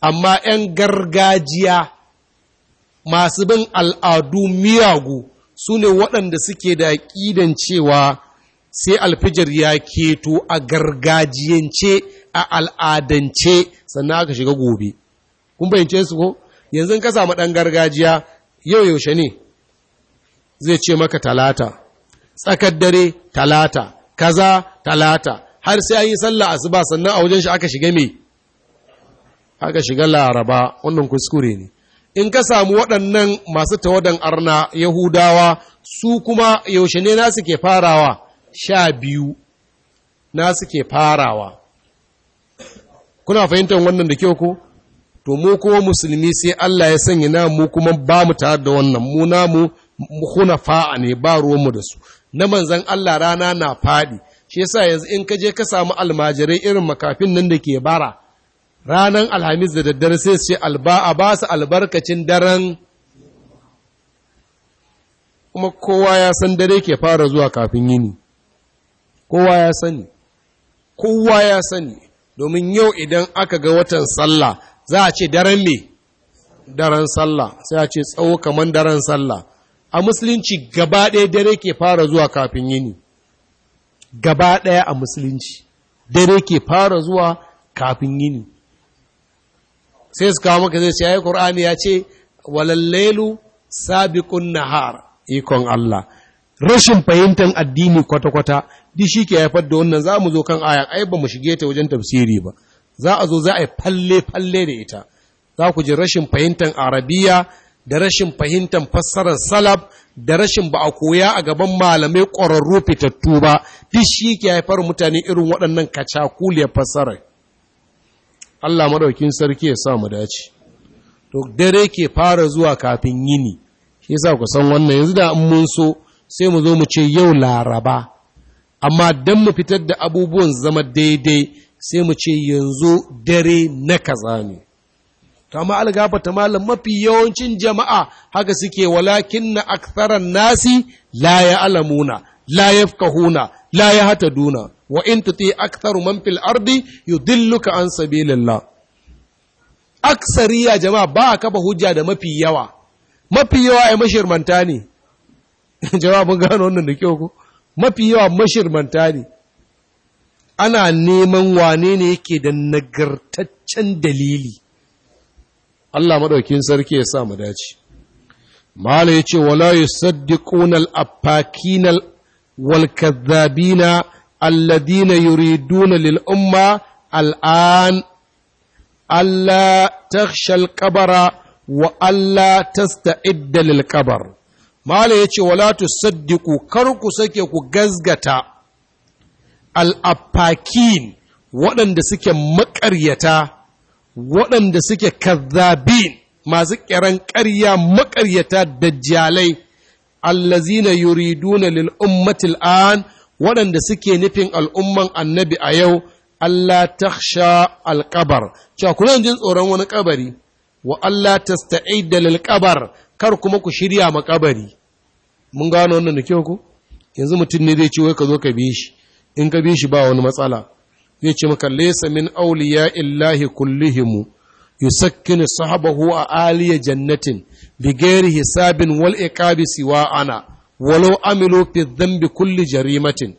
amma ‘yan gargajiya masu bin al'adu miyagu su ne waɗanda suke da ƙidan cewa sai alfijar ya keto a gargajiyance a al'adance sannan aka shiga gobe kun bayance su ko yanzu ka samu ɗan gargajiya yau yaushe ne zai ce maka talata tsakar dare talata kaza talata har sai an yi sallah asuba sannan a wajen shi aka shiga me aka shiga laraba wannan kuskure ne in ka samu waɗannan masu tawadan arna yahudawa su kuma yaushe ne na suke farawa sha biyu na suke farawa kuna fahimtar wannan da kyau ko to mu kuma musulmi sai Allah ya sanya na mu kuma ba mu tare da wannan mu namu fa'a ne ba ruwanmu da su na manzan Allah rana na faɗi shi yasa yanzu in ka je ka samu almajirai irin makafin nan da ke bara Ranan alhamis da daddare sai ce alba'a ba su albarkacin daren kuma kowa ya san dare ke fara zuwa kafin yini kowa ya sani kowa ya sani domin yau idan aka ga watan sallah za a ce daren me daren sallah sai a ce tsawo kamar daren sallah a musulunci gaba ɗaya dare ke fara zuwa kafin yini gaba ɗaya a musulunci dare ke fara zuwa kafin yini sai su kawo maka zai ce ayi ya ce walallailu sabiqun nahar ikon Allah rashin fahimtar addini kwata-kwata di shi ke haifar da wannan za mu zo kan ayan ai ba mu shige ta wajen tafsiri ba za a zo za a yi falle-falle da ita za ku ji rashin fahimtar arabiya da rashin fahimtar fassarar salaf da rashin ba a koya a gaban malamai ƙwararru fitattu ba duk shi ke haifar mutane irin waɗannan kacakuliyar fassarar Allah maɗaukin sarki ya sa mu dace to dare ke fara zuwa kafin yini shi yasa ku san wannan yanzu da mun so sai mu zo mu ce yau laraba amma dan mu fitar da abubuwan zama daidai sai mu ce yanzu dare na kaza ne to amma ta malam mafi yawancin jama'a haka suke walakin na aktharan nasi la ya'lamuna la yafqahuna la duna. wa in tuti aktharu man fil ardi yudilluka an sabilillah aksariya jama'a ba ka kafa hujja da mafi yawa mafi yawa ai mashirmanta ne jawabin gano wannan da kyau ko mafi yawa mashirmanta ne ana neman wane ne yake da nagartaccen dalili Allah maɗaukin sarki ya sa mu dace mala yace wala yusaddiquna al-afakina wal kadhabina alladina yuriduna lil umma al'an Allah ta al wa Allah tasta'idda lil lilƙabar. mala yace wala tusaddiqu kar ku sake ku gazgata alafakin waɗanda suke maƙaryata waɗanda suke kazzabin masu ƙiran ƙarya maƙaryata dajjalai allazina yuriduna lil waɗanda suke nufin al'umman annabi a yau Allah ta sha alƙabar, cewa jin tsoron wani ƙabari, wa Allah ta sta'id da lalƙabar, kar kuma ku shirya ma ƙabari. Mun gano wannan da kyau ku? Yanzu mutum ne zai ce wai ka zo ka bi shi, in ka bi shi ba wani matsala. Zai ce maka lesa min auliya illahi kullihimu, yusakkinu sahabahu a aliya jannatin, bigeri hisabin wal iqabi siwa ana. walau amilu fi dhanbi kulli jarimatin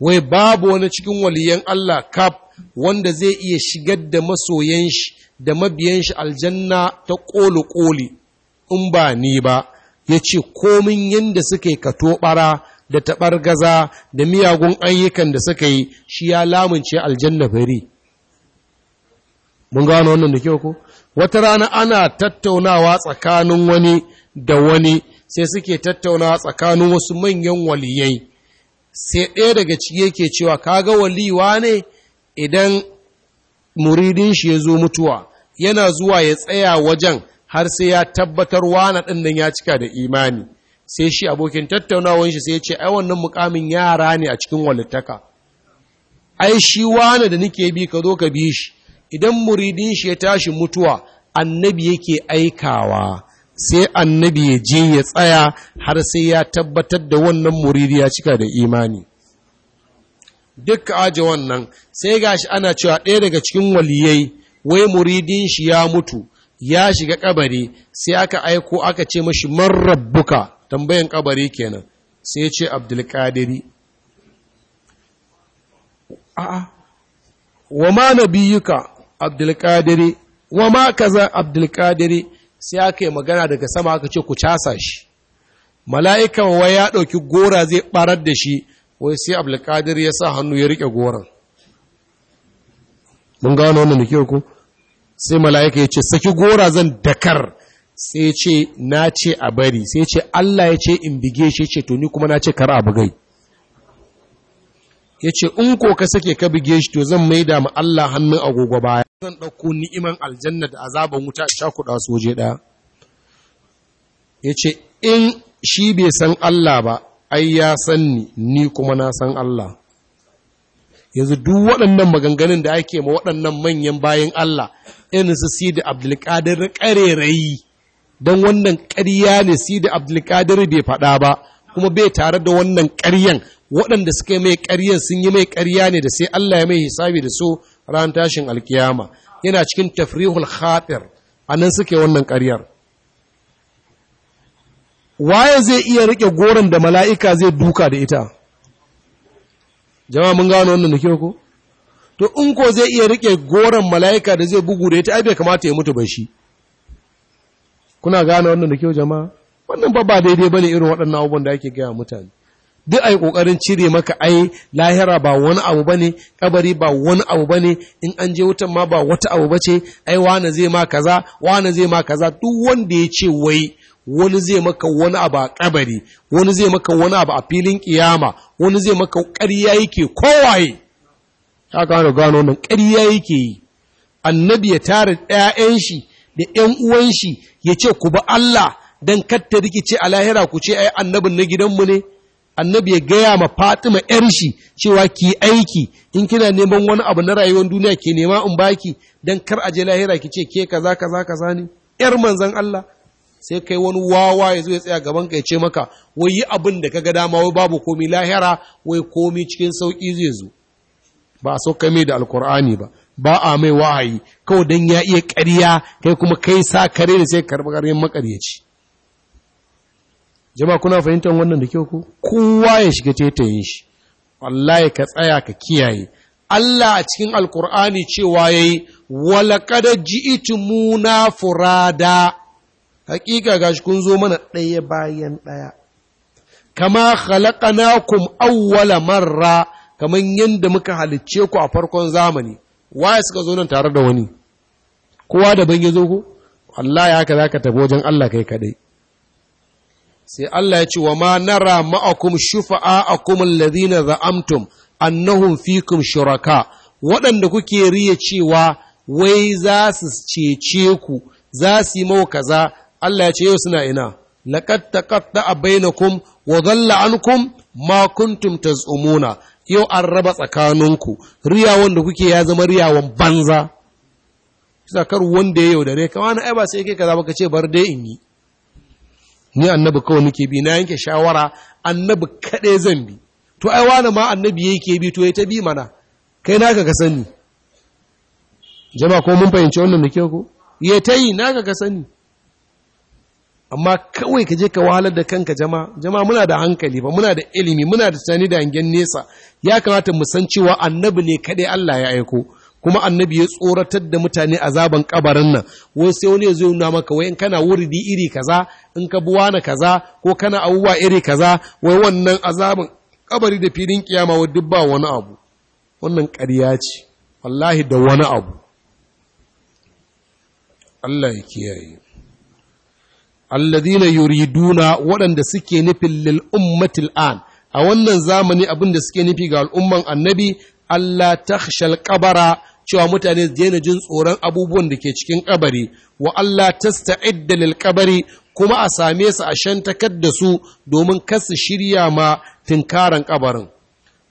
wai babu wani cikin waliyan Allah kaf wanda zai iya shigar da masoyan shi da mabiyan shi aljanna ta ƙoli ƙoli in ba ni ba ya ce komin yadda suka yi kato da taɓar gaza da miyagun ayyukan da suka yi shi ya lamunce aljanna fari mun gano wannan da kyau ko wata rana ana tattaunawa tsakanin wani da wani sai suke tattauna tsakanin wasu manyan waliyai sai ɗaya daga ciki yake cewa kaga waliwa ne idan muridin shi ya zo mutuwa yana zuwa ya tsaya wajen har sai ya tabbatar wana ɗin nan ya cika da imani sai shi abokin tattaunawan shi sai ya ce ai wannan mukamin yara ne a cikin walittaka ai shi wana da nake bi ka zo ka bi shi idan muridin shi ya tashi mutuwa annabi yake aikawa sai annabi ya je ya tsaya har sai ya tabbatar da wannan muridi ya cika da imani duk aji wannan sai gashi ana cewa ɗaya daga cikin waliyai wai muridin shi ya mutu ya shiga kabari sai aka aiko aka ce mashi marrabbuka tambayan kabari kenan sai ya ce abdulkadiri wa ma nabiyuka abdulkadiri wa ma kaza abdulkadiri sai aka yi magana daga sama aka ce ku casa shi mala'ikan wai ya ɗauki gora zai ɓarar da shi wai sai abulkadir ya sa hannu ya riƙe goron mun gano wannan da ku sai mala'ika ya ce saki gora zan dakar sai ce na ce a bari sai ce Allah ya ce in bige shi ce to ni kuma na ce kar a bugai ya ce in ko ka sake ka bige shi to zan maida ma Allah hannun agogo baya son ɗauko ni'iman aljanna da azaban wuta a cakuɗa su waje ɗaya ya ce in shi bai san Allah ba ai ya san ni ni kuma na san Allah yanzu duk waɗannan maganganun da ake ma waɗannan manyan bayan Allah irin su Sidi Abdulkadir ƙarerayi don wannan ƙarya ne Sidi Abdulkadir bai faɗa ba kuma bai tare da wannan ƙaryan waɗanda suka yi mai ƙaryan sun yi mai ƙarya ne da sai Allah ya mai hisabi da so ran tashin alkiyama yana cikin tafrihul khatir anan suke wannan ƙaryar waye zai iya rike goron da mala'ika zai duka da ita jama'a mun gano wannan da kyau ko to in ko zai iya rike goron mala'ika da zai bugu da ita ai bai kamata ya mutu ba shi kuna gano wannan da kyau jama'a wannan ba ba daidai bane irin waɗannan abubuwan da ake gaya mutane duk a yi kokarin cire maka ai lahira ba wani abu ba ne, kabari ba wani abu ba ne. in an je wutan ma ba wata abu ba ce, ai wane zai ma kaza wane zai ma kaza duk wanda ya ce wai wani zai maka wani abu a kabari wani zai maka wani abu a filin kiyama wani zai maka ƙarya yake kowaye Ta gano gano nan ƙarya yake yi annabi ya tara ɗayan shi da ƴan uwan shi ya ce ku ba Allah don ta rikice a lahira ku ce ai annabin na gidanmu ne annabi ya gaya ma fatima yar shi cewa ki aiki in kina neman wani abu na rayuwar duniya ke nema in baki dan kar aje lahira ki ce ke kaza kaza kaza ne yar manzon Allah sai kai wani wawa ya zo ya tsaya gaban ka ya ce maka wai yi abin da kaga dama wai babu komi lahira wai komi cikin sauki zai zo ba a sauka mai da alkur'ani ba ba a mai wahayi kawai dan ya iya ƙarya kai kuma kai sa kare da sai karɓar makaryaci jama'a kuna fahimtar wannan da kyau ko kowa ya shiga tetayin shi wallahi ka tsaya ka kiyaye Allah a cikin alkur'ani cewa ya yi yayi walaqad ji'tumuna furada hakika gashi kun zo mana ɗaya bayan ɗaya kama khalaqnakum awwala marra kaman yadda muka halicce ku a farkon zamani waye suka zo nan tare da wani kowa ban ya zo ku Allah ya haka zaka tafi wajen Allah kai kadai sai Allah ya ce wa ma nara ma'akum akum alladhina za'amtum annahum fikum shuraka waɗanda kuke riya cewa wai za su cece ku za su yi mau kaza Allah ya ce yau suna ina laqad taqatta bainakum wa dhalla ankum ma kuntum tazumuna yau an raba tsakaninku riyawan da kuke ya zama riyawan banza kar wanda ya yaudare ka kamar ai ba sai kai kaza ka ce bar dai in yi ni annabi kawai nake bi na yanke shawara annabi kaɗai zan bi to ai wani ma annabi yake bi to ya ta bi mana kai naka ka sani jama'a ko mun fahimci wannan da kyau ko ya ta yi naka ka sani amma kawai ka je ka wahalar da kanka jama'a jama'a muna da hankali ba muna da ilimi muna da tunani da hangen nesa ya kamata mu san cewa annabi ne kaɗai Allah ya aiko kuma annabi ya tsoratar da mutane azaban kabarin nan wai sai wani ya zo nuna maka wai in kana wuridi iri kaza in ka buwa na kaza ko kana abubuwa iri kaza wai wannan azaban kabari da filin kiyama wa duk ba wani abu wannan ƙarya ce wallahi da wani abu Allah ya kiyaye alladhina yuriduna waɗanda suke nufin lil ummati an a wannan zamani abin da suke nufi ga al'umman annabi Allah ta kabara cewa mutane su daina jin tsoron abubuwan da ke cikin kabari wa Allah tasta'idda lil kabari kuma a same su a shantakar da su domin kasu shirya ma tinkaran kabarin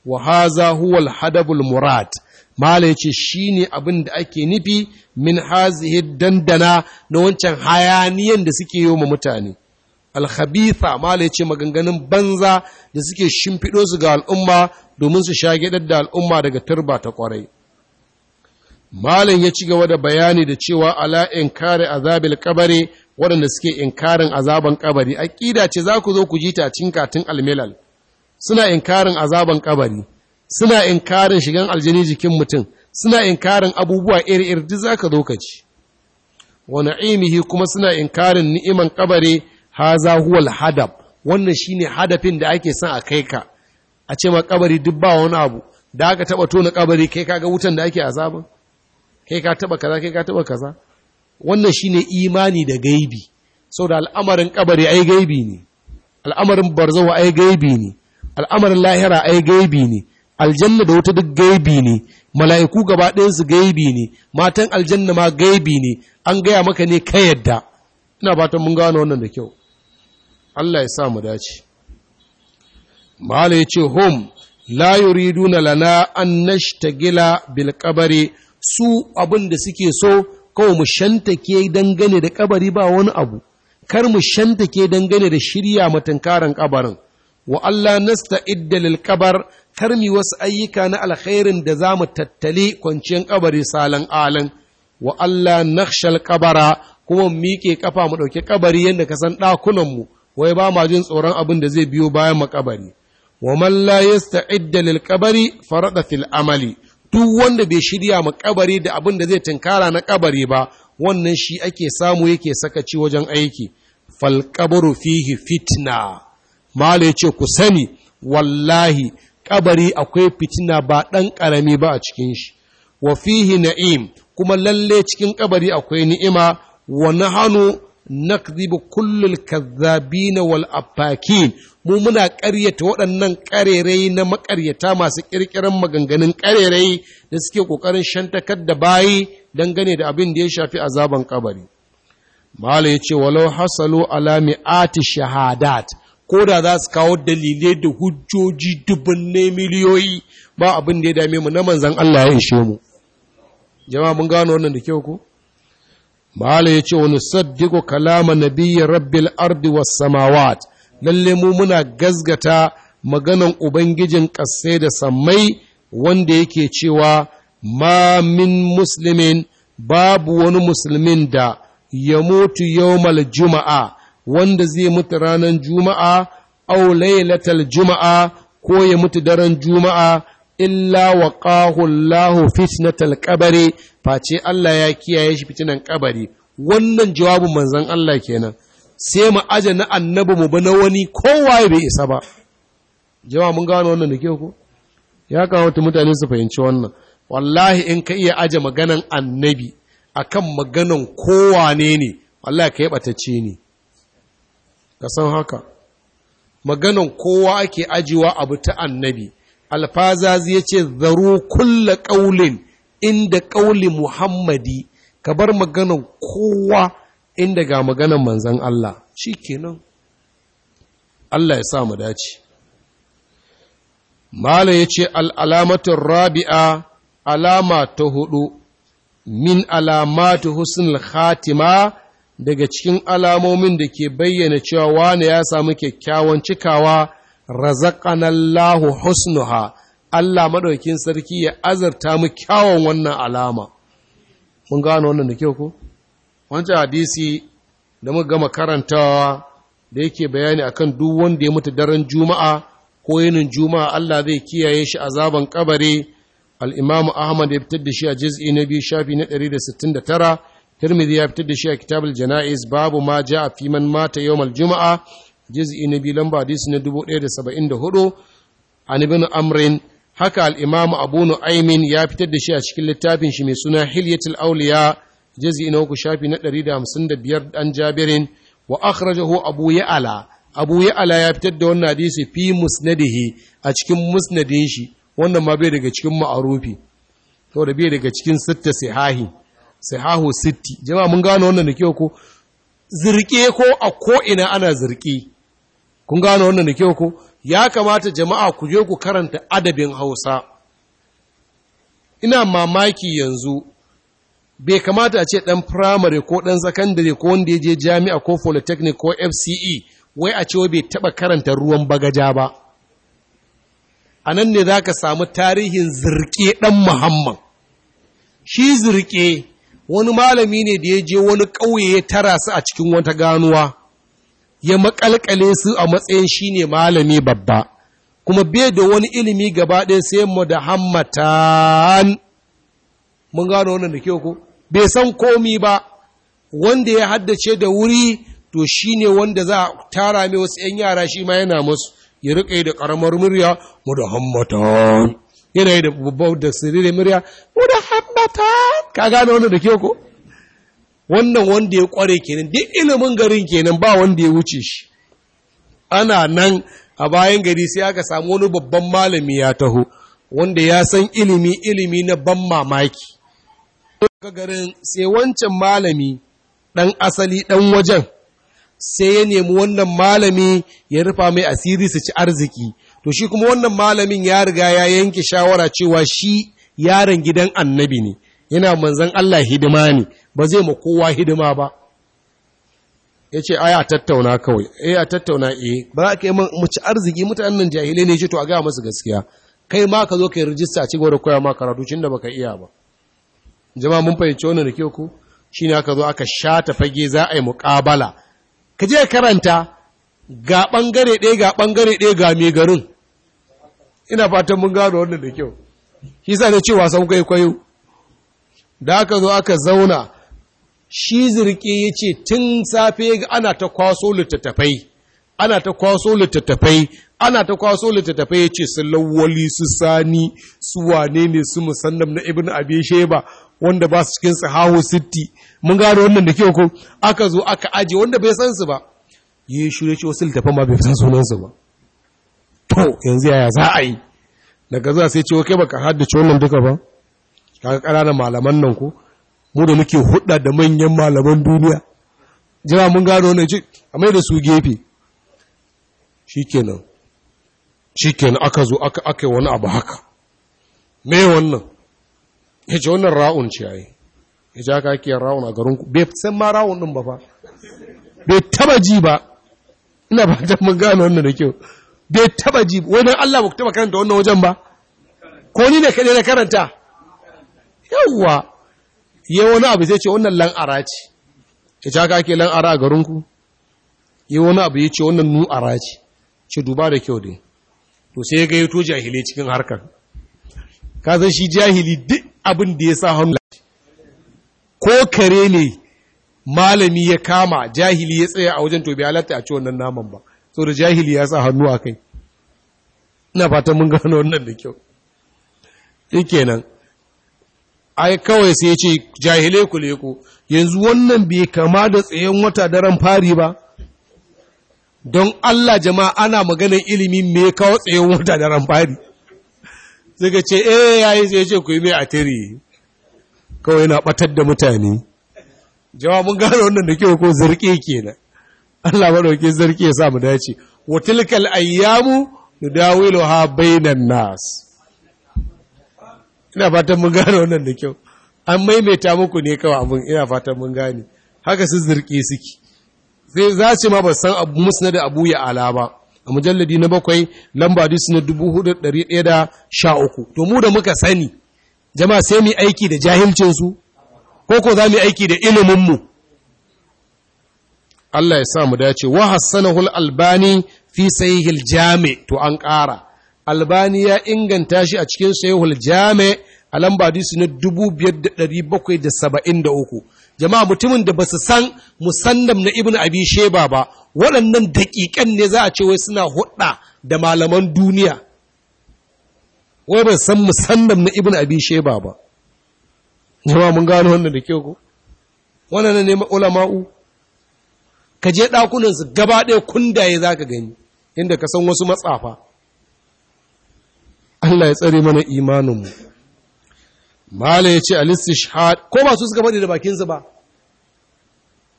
wa haza huwal hadabul murad mala yace shine abin da ake nufi min hazihi dandana na wancan hayaniyan da suke yi wa mutane alkhabitha mala yace maganganun banza da suke shimfiɗo su ga al'umma domin su shagidar da al'umma daga turba ta kwarai Malam ya ci gaba da bayani da cewa ala in kare azabil kabari waɗanda suke inkarin azaban kabari aƙida ce za ku zo ku ji ta cin katin almilal suna inkarin azaban kabari suna inkarin shigan aljini jikin mutum suna inkarin abubuwa iri-iri duk za ka zo ka ci wa na'imihi kuma suna inkarin ni'iman kabari haza huwal hadab wannan shine hadafin da ake son a kai ka a ce ma kabari duk ba wani abu da aka taba tona kabari kai kaga wutan da ake azaban kai ka taba kaza kai ka taba kaza wannan shine imani da gaibi saboda al'amarin kabari ai gaibi ne al'amarin barzawa ai gaibi ne al'amarin lahira ai gaibi ne aljanna da wata duk gaibi ne mala'iku gaba su gaibi ne matan aljanna ma gaibi ne an gaya maka ne ka yadda ina fatan mun gano wannan da kyau Allah ya sa mu dace mala ya ce hum la yuriduna lana an nashtagila bil qabri su abin da suke so kawai mu shantake dangane da kabari ba wani abu kar mu shantake dangane da shirya matankaran kabarin wa Allah nasta'idda iddalil kabar kar mi wasu ayyuka na alkhairin da za mu tattali kwanciyar kabari salan alin, wa Allah nakhshal kabara kuma mu miƙe kafa mu ɗauki kabari yadda ka san ɗakunanmu wai ba ma jin tsoron abin da zai biyo bayan makabari wa man la yasta'idda lil kabari fil amali duk wanda bai shirya ma kabari da abin da zai tinkara na kabari ba wannan shi ake samu yake sakaci wajen aiki fal qabru fihi fitna mala yace ku sani wallahi kabari akwai fitina ba dan karami ba a cikin shi wa fihi na'im kuma lalle cikin kabari akwai ni'ima wa nahanu nakdhibu kullul kadhabin wal afakin mu muna ƙaryata waɗannan ƙarerai na maƙaryata masu ƙirƙirar maganganun ƙarerai da suke ƙoƙarin shantakar da bayi dangane da abin da ya shafi azaban kabari mala ya ce walau hasalo Alami ati shahadat ko da za su kawo dalilai da hujjoji dubunne miliyoyi ba abin da ya dame mu na manzan Allah ya ishe mu jama'a mun gano wannan da kyau ko mala ya ce wani saddiqu kalama nabiya rabbil ardi was samawat lalle mu muna gazgata maganan ubangijin ƙasai da sammai wanda yake cewa ma min muslimin babu wani musulmin da ya mutu yawmal juma'a wanda zai mutu ranar juma'a au lailatal juma'a ko ya mutu daren juma'a illa wa ƙahullahu fitnatal kabari face Allah ya kiyaye shi fitinan kabari wannan jawabin manzon Allah kenan sai mu aje na annabi mu ba na wani kowaye bai isa ba jama'a mun gano wannan da ke ko ya kawo ta mutane su fahimci wannan wallahi in ka iya aje maganan annabi akan maganan kowane ne wallahi ka ce ne ka san haka maganan kowa ake ajiwa abu ta annabi alfazazi ya ce zaru kulla ƙaulin inda ƙauli muhammadi ka bar maganan kowa inda ga maganan manzan Allah shi kenan Allah ya sa mu dace Mala ya ce al'alamatun rabi'a alama ta hudu min alamatu husnul khatima daga cikin alamomin da ke bayyana cewa wane ya samu kyakkyawan cikawa razaqanallahu husnuha Allah maɗaukin sarki ya azarta mu kyawun wannan alama mun gano wannan da kyau ko wancan hadisi da muka gama karantawa da yake bayani akan duk wanda ya mutu daren juma'a ko yinin juma'a Allah zai kiyaye shi azaban kabari al ahmad ya fitar da shi a juz'i na biyu shafi na 169 tirmidhi ya fitar da shi a kitabul janaiz babu ma ja'a fi man mata yawmal juma'a juz'i na biyu lamba hadisi na 1074 an ibn amrin haka al-imamu abu nu'aymin ya fitar da shi a cikin littafin shi mai suna hilyatul awliya juz'i na uku shafi na 155 dan jabirin wa akhrajahu abu ya'ala abu ya'ala ya fitar da wannan hadisi fi musnadihi a cikin musnadin shi wannan ma bai daga cikin ma'arufi saboda bai daga cikin sitta sihahi sihahu sitti jama'a mun gano wannan da kyau ko zirke ko a ko ina ana zirke kun gano wannan da kyau ko ya kamata jama'a ku je ku karanta adabin Hausa ina mamaki yanzu bai kamata a ce ɗan firamare ko ɗan sakandare ko wanda ya je jami'a ko polytechnic ko fce wai a ce bai taɓa karanta ruwan bagaja ba a nan ne za ka samu tarihin zirke ɗan muhamman shi zirke wani malami ne da ya je wani ƙauye ya tara su a cikin wata ganuwa ya maƙalƙale su a matsayin shi ne malami babba kuma bai da wani ilimi gaba ɗaya sai mu da mun gano wannan da kyau ko bai san komi ba wanda ya haddace da wuri to shine wanda za a tara mai wasu 'yan yara shi ma yana musu ya riƙe da ƙaramar murya mudahammatan yana yi da babbar da siririn murya hammatan ka gane wannan da kyau ko wannan wanda ya ƙware kenan duk ilimin garin kenan ba wanda ya wuce shi ana nan a bayan gari sai aka samu wani babban malami ya taho wanda ya san ilimi ilimi na ban mamaki ga garin sai wancan malami ɗan asali ɗan wajen sai ya nemi wannan malami ya rufa mai asiri su ci arziki to shi kuma wannan malamin ya riga ya yanke shawara cewa shi yaron gidan annabi ne yana manzan Allah hidima ne ba zai ma kowa hidima ba ya ce aya tattauna kawai aya eh, tattauna eh ba za ka yi mace arziki mutanen jahilai ne ce to a gaya masu gaskiya kai ma ka zo ka yi rijista a cigaba da koya ma karatu cin da baka iya ba jama'a mun fahimci wannan da kyau ku shine aka zo aka shata fage za a yi muƙabala ka je karanta ga ɓangare ɗaya ga bangare ɗaya ga mai garin ina fatan mun gano wannan da kyau shi sa ne ce wasan kwaikwayo da aka zo aka zauna shi zirki ya ce tun safe ana ta kwaso littattafai ana ta kwaso littattafai ana ta kwaso littattafai ya ce su lawwali su sani su wane ne su musannam na ibn abi sheba wanda ba su cikin sahahu sitti mun gano wannan da kyau ko aka zo aka aje wanda bai san su ba yi shure ce wasu littafan ma bai san sunan su ba to yanzu yaya za a yi daga zuwa sai ce kai baka haddace wannan duka ba kaga ƙananan malaman nan ko mu da muke hudda da manyan malaman duniya jira mun gano wannan ce a mai da su gefe shikenan shikenan aka zo aka aka wani abu haka me wannan ya ce wannan ra'un ce ai ya ja kakiyar ra'un a garin ku bai san ma ra'un ɗin ba fa bai taba ji ba ina ba ta mun gano wannan da kyau bai taba ji wai dan Allah ba ku taba karanta wannan wajen ba ko ni ne kaɗai na karanta yawa yi wani abu zai ce wannan ara ce ya ja kake ara a garin ku yi wani abu ya ce wannan ara ce ce duba da kyau dai to sai ya yato jahili cikin harkar ka san shi jahili duk abin da ya sa hannu ko kare ne malami ya kama jahili ya tsaya a wajen tobe, bai halatta a ci wannan naman ba saboda jahili ya sa hannu a kai ina fatan mun gano wannan da kyau shikenan ai kawai sai ya ce jahile ku leku yanzu wannan bai kama da tsayen wata daren fari ba don Allah jama'a ana maganar ilimin me kawo tsayen wata daren fari ga ce eh yayi zai ce ku yi mai atiri kawai yana batar da mutane jawabin gano wannan da kyau ko zarke kenan Allah madauke zarki ya sa mu dace wa tilkal ayyamu nudawiluha bainan nas ina fatan mun gano wannan da kyau an maimaita muku ne kawai abin ina fatan mun gane haka su zirki suke sai za ce ma ba san abu musna da abu ya ala ba a mujalladi na bakwai lamba da na uku. to mu da muka sani jama sai mu aiki da jahilcinsu ko ko za mu aiki da iliminmu Allah ya sa mu dace wa hul albani fi sahihil jami to an ƙara albani ya inganta shi a cikin sahihul jami a lamba hadisi na 5773 jama'a mutumin da ba su san musannam na ibn abi sheba ba waɗannan daƙiƙan ne za a ce wai suna hudda da malaman duniya wai ba san musannam na ibn abi sheba ba jama'a mun gano wannan da kyau ku? wannan ne ulama'u ka je ɗakunansu gaba ɗaya kundaye za ka gani inda ka san wasu matsafa Allah ya tsare mana imaninmu mala ya ce al-istishhad ko ba su suka faɗi da bakinsu ba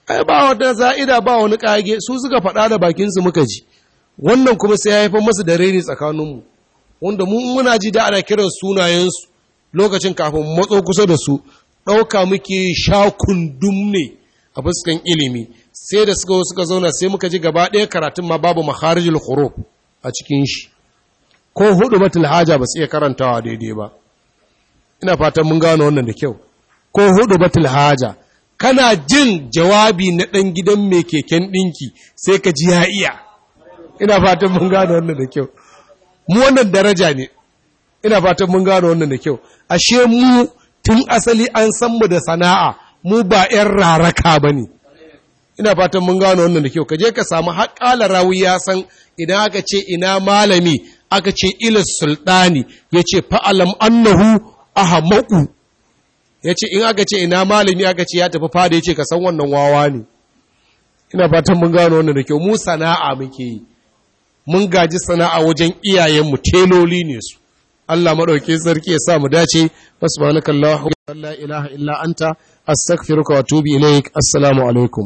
ai ba wata za'ida ba wani ƙage. su suka faɗa da bakinsu muka ji wannan kuma sai ya haifar masu da raini tsakaninmu wanda mu muna ji da ana kiran sunayensu lokacin kafin matso kusa da su ɗauka muke kundum ne a fuskan ilimi sai da suka suka zauna sai muka ji gaba ɗaya karatun ma babu maharijul huruf a cikin shi ko hudu batul haja ba su iya karantawa daidai ba ina fatan mun gano wannan da kyau ko hudu batul haja kana jin jawabi na ɗan gidan mai keken ɗinki sai ka ji ya iya ina fatan mun gano wannan da kyau mu wannan daraja ne ina fatan mun gano wannan da kyau ashe mu tun asali an san mu da sana'a mu ba 'yan raraka ba ne ina fatan mun gano wannan da kyau ka je ka samu haƙala rawi ya san idan aka ce ina malami aka ce ila sultani ya ce fa'alam annahu ahamaku ya ce in aka ce ina malami aka ce ya tafi fada ya ce ka san wannan wawa ne ina fatan mun gano wannan da kyau mu sana'a muke yi mun gaji sana'a wajen iyayenmu teloli ne su Allah maɗauki sarki ya sa mu dace subhanakallahumma la ilaha illa anta astaghfiruka wa ilaik assalamu alaikum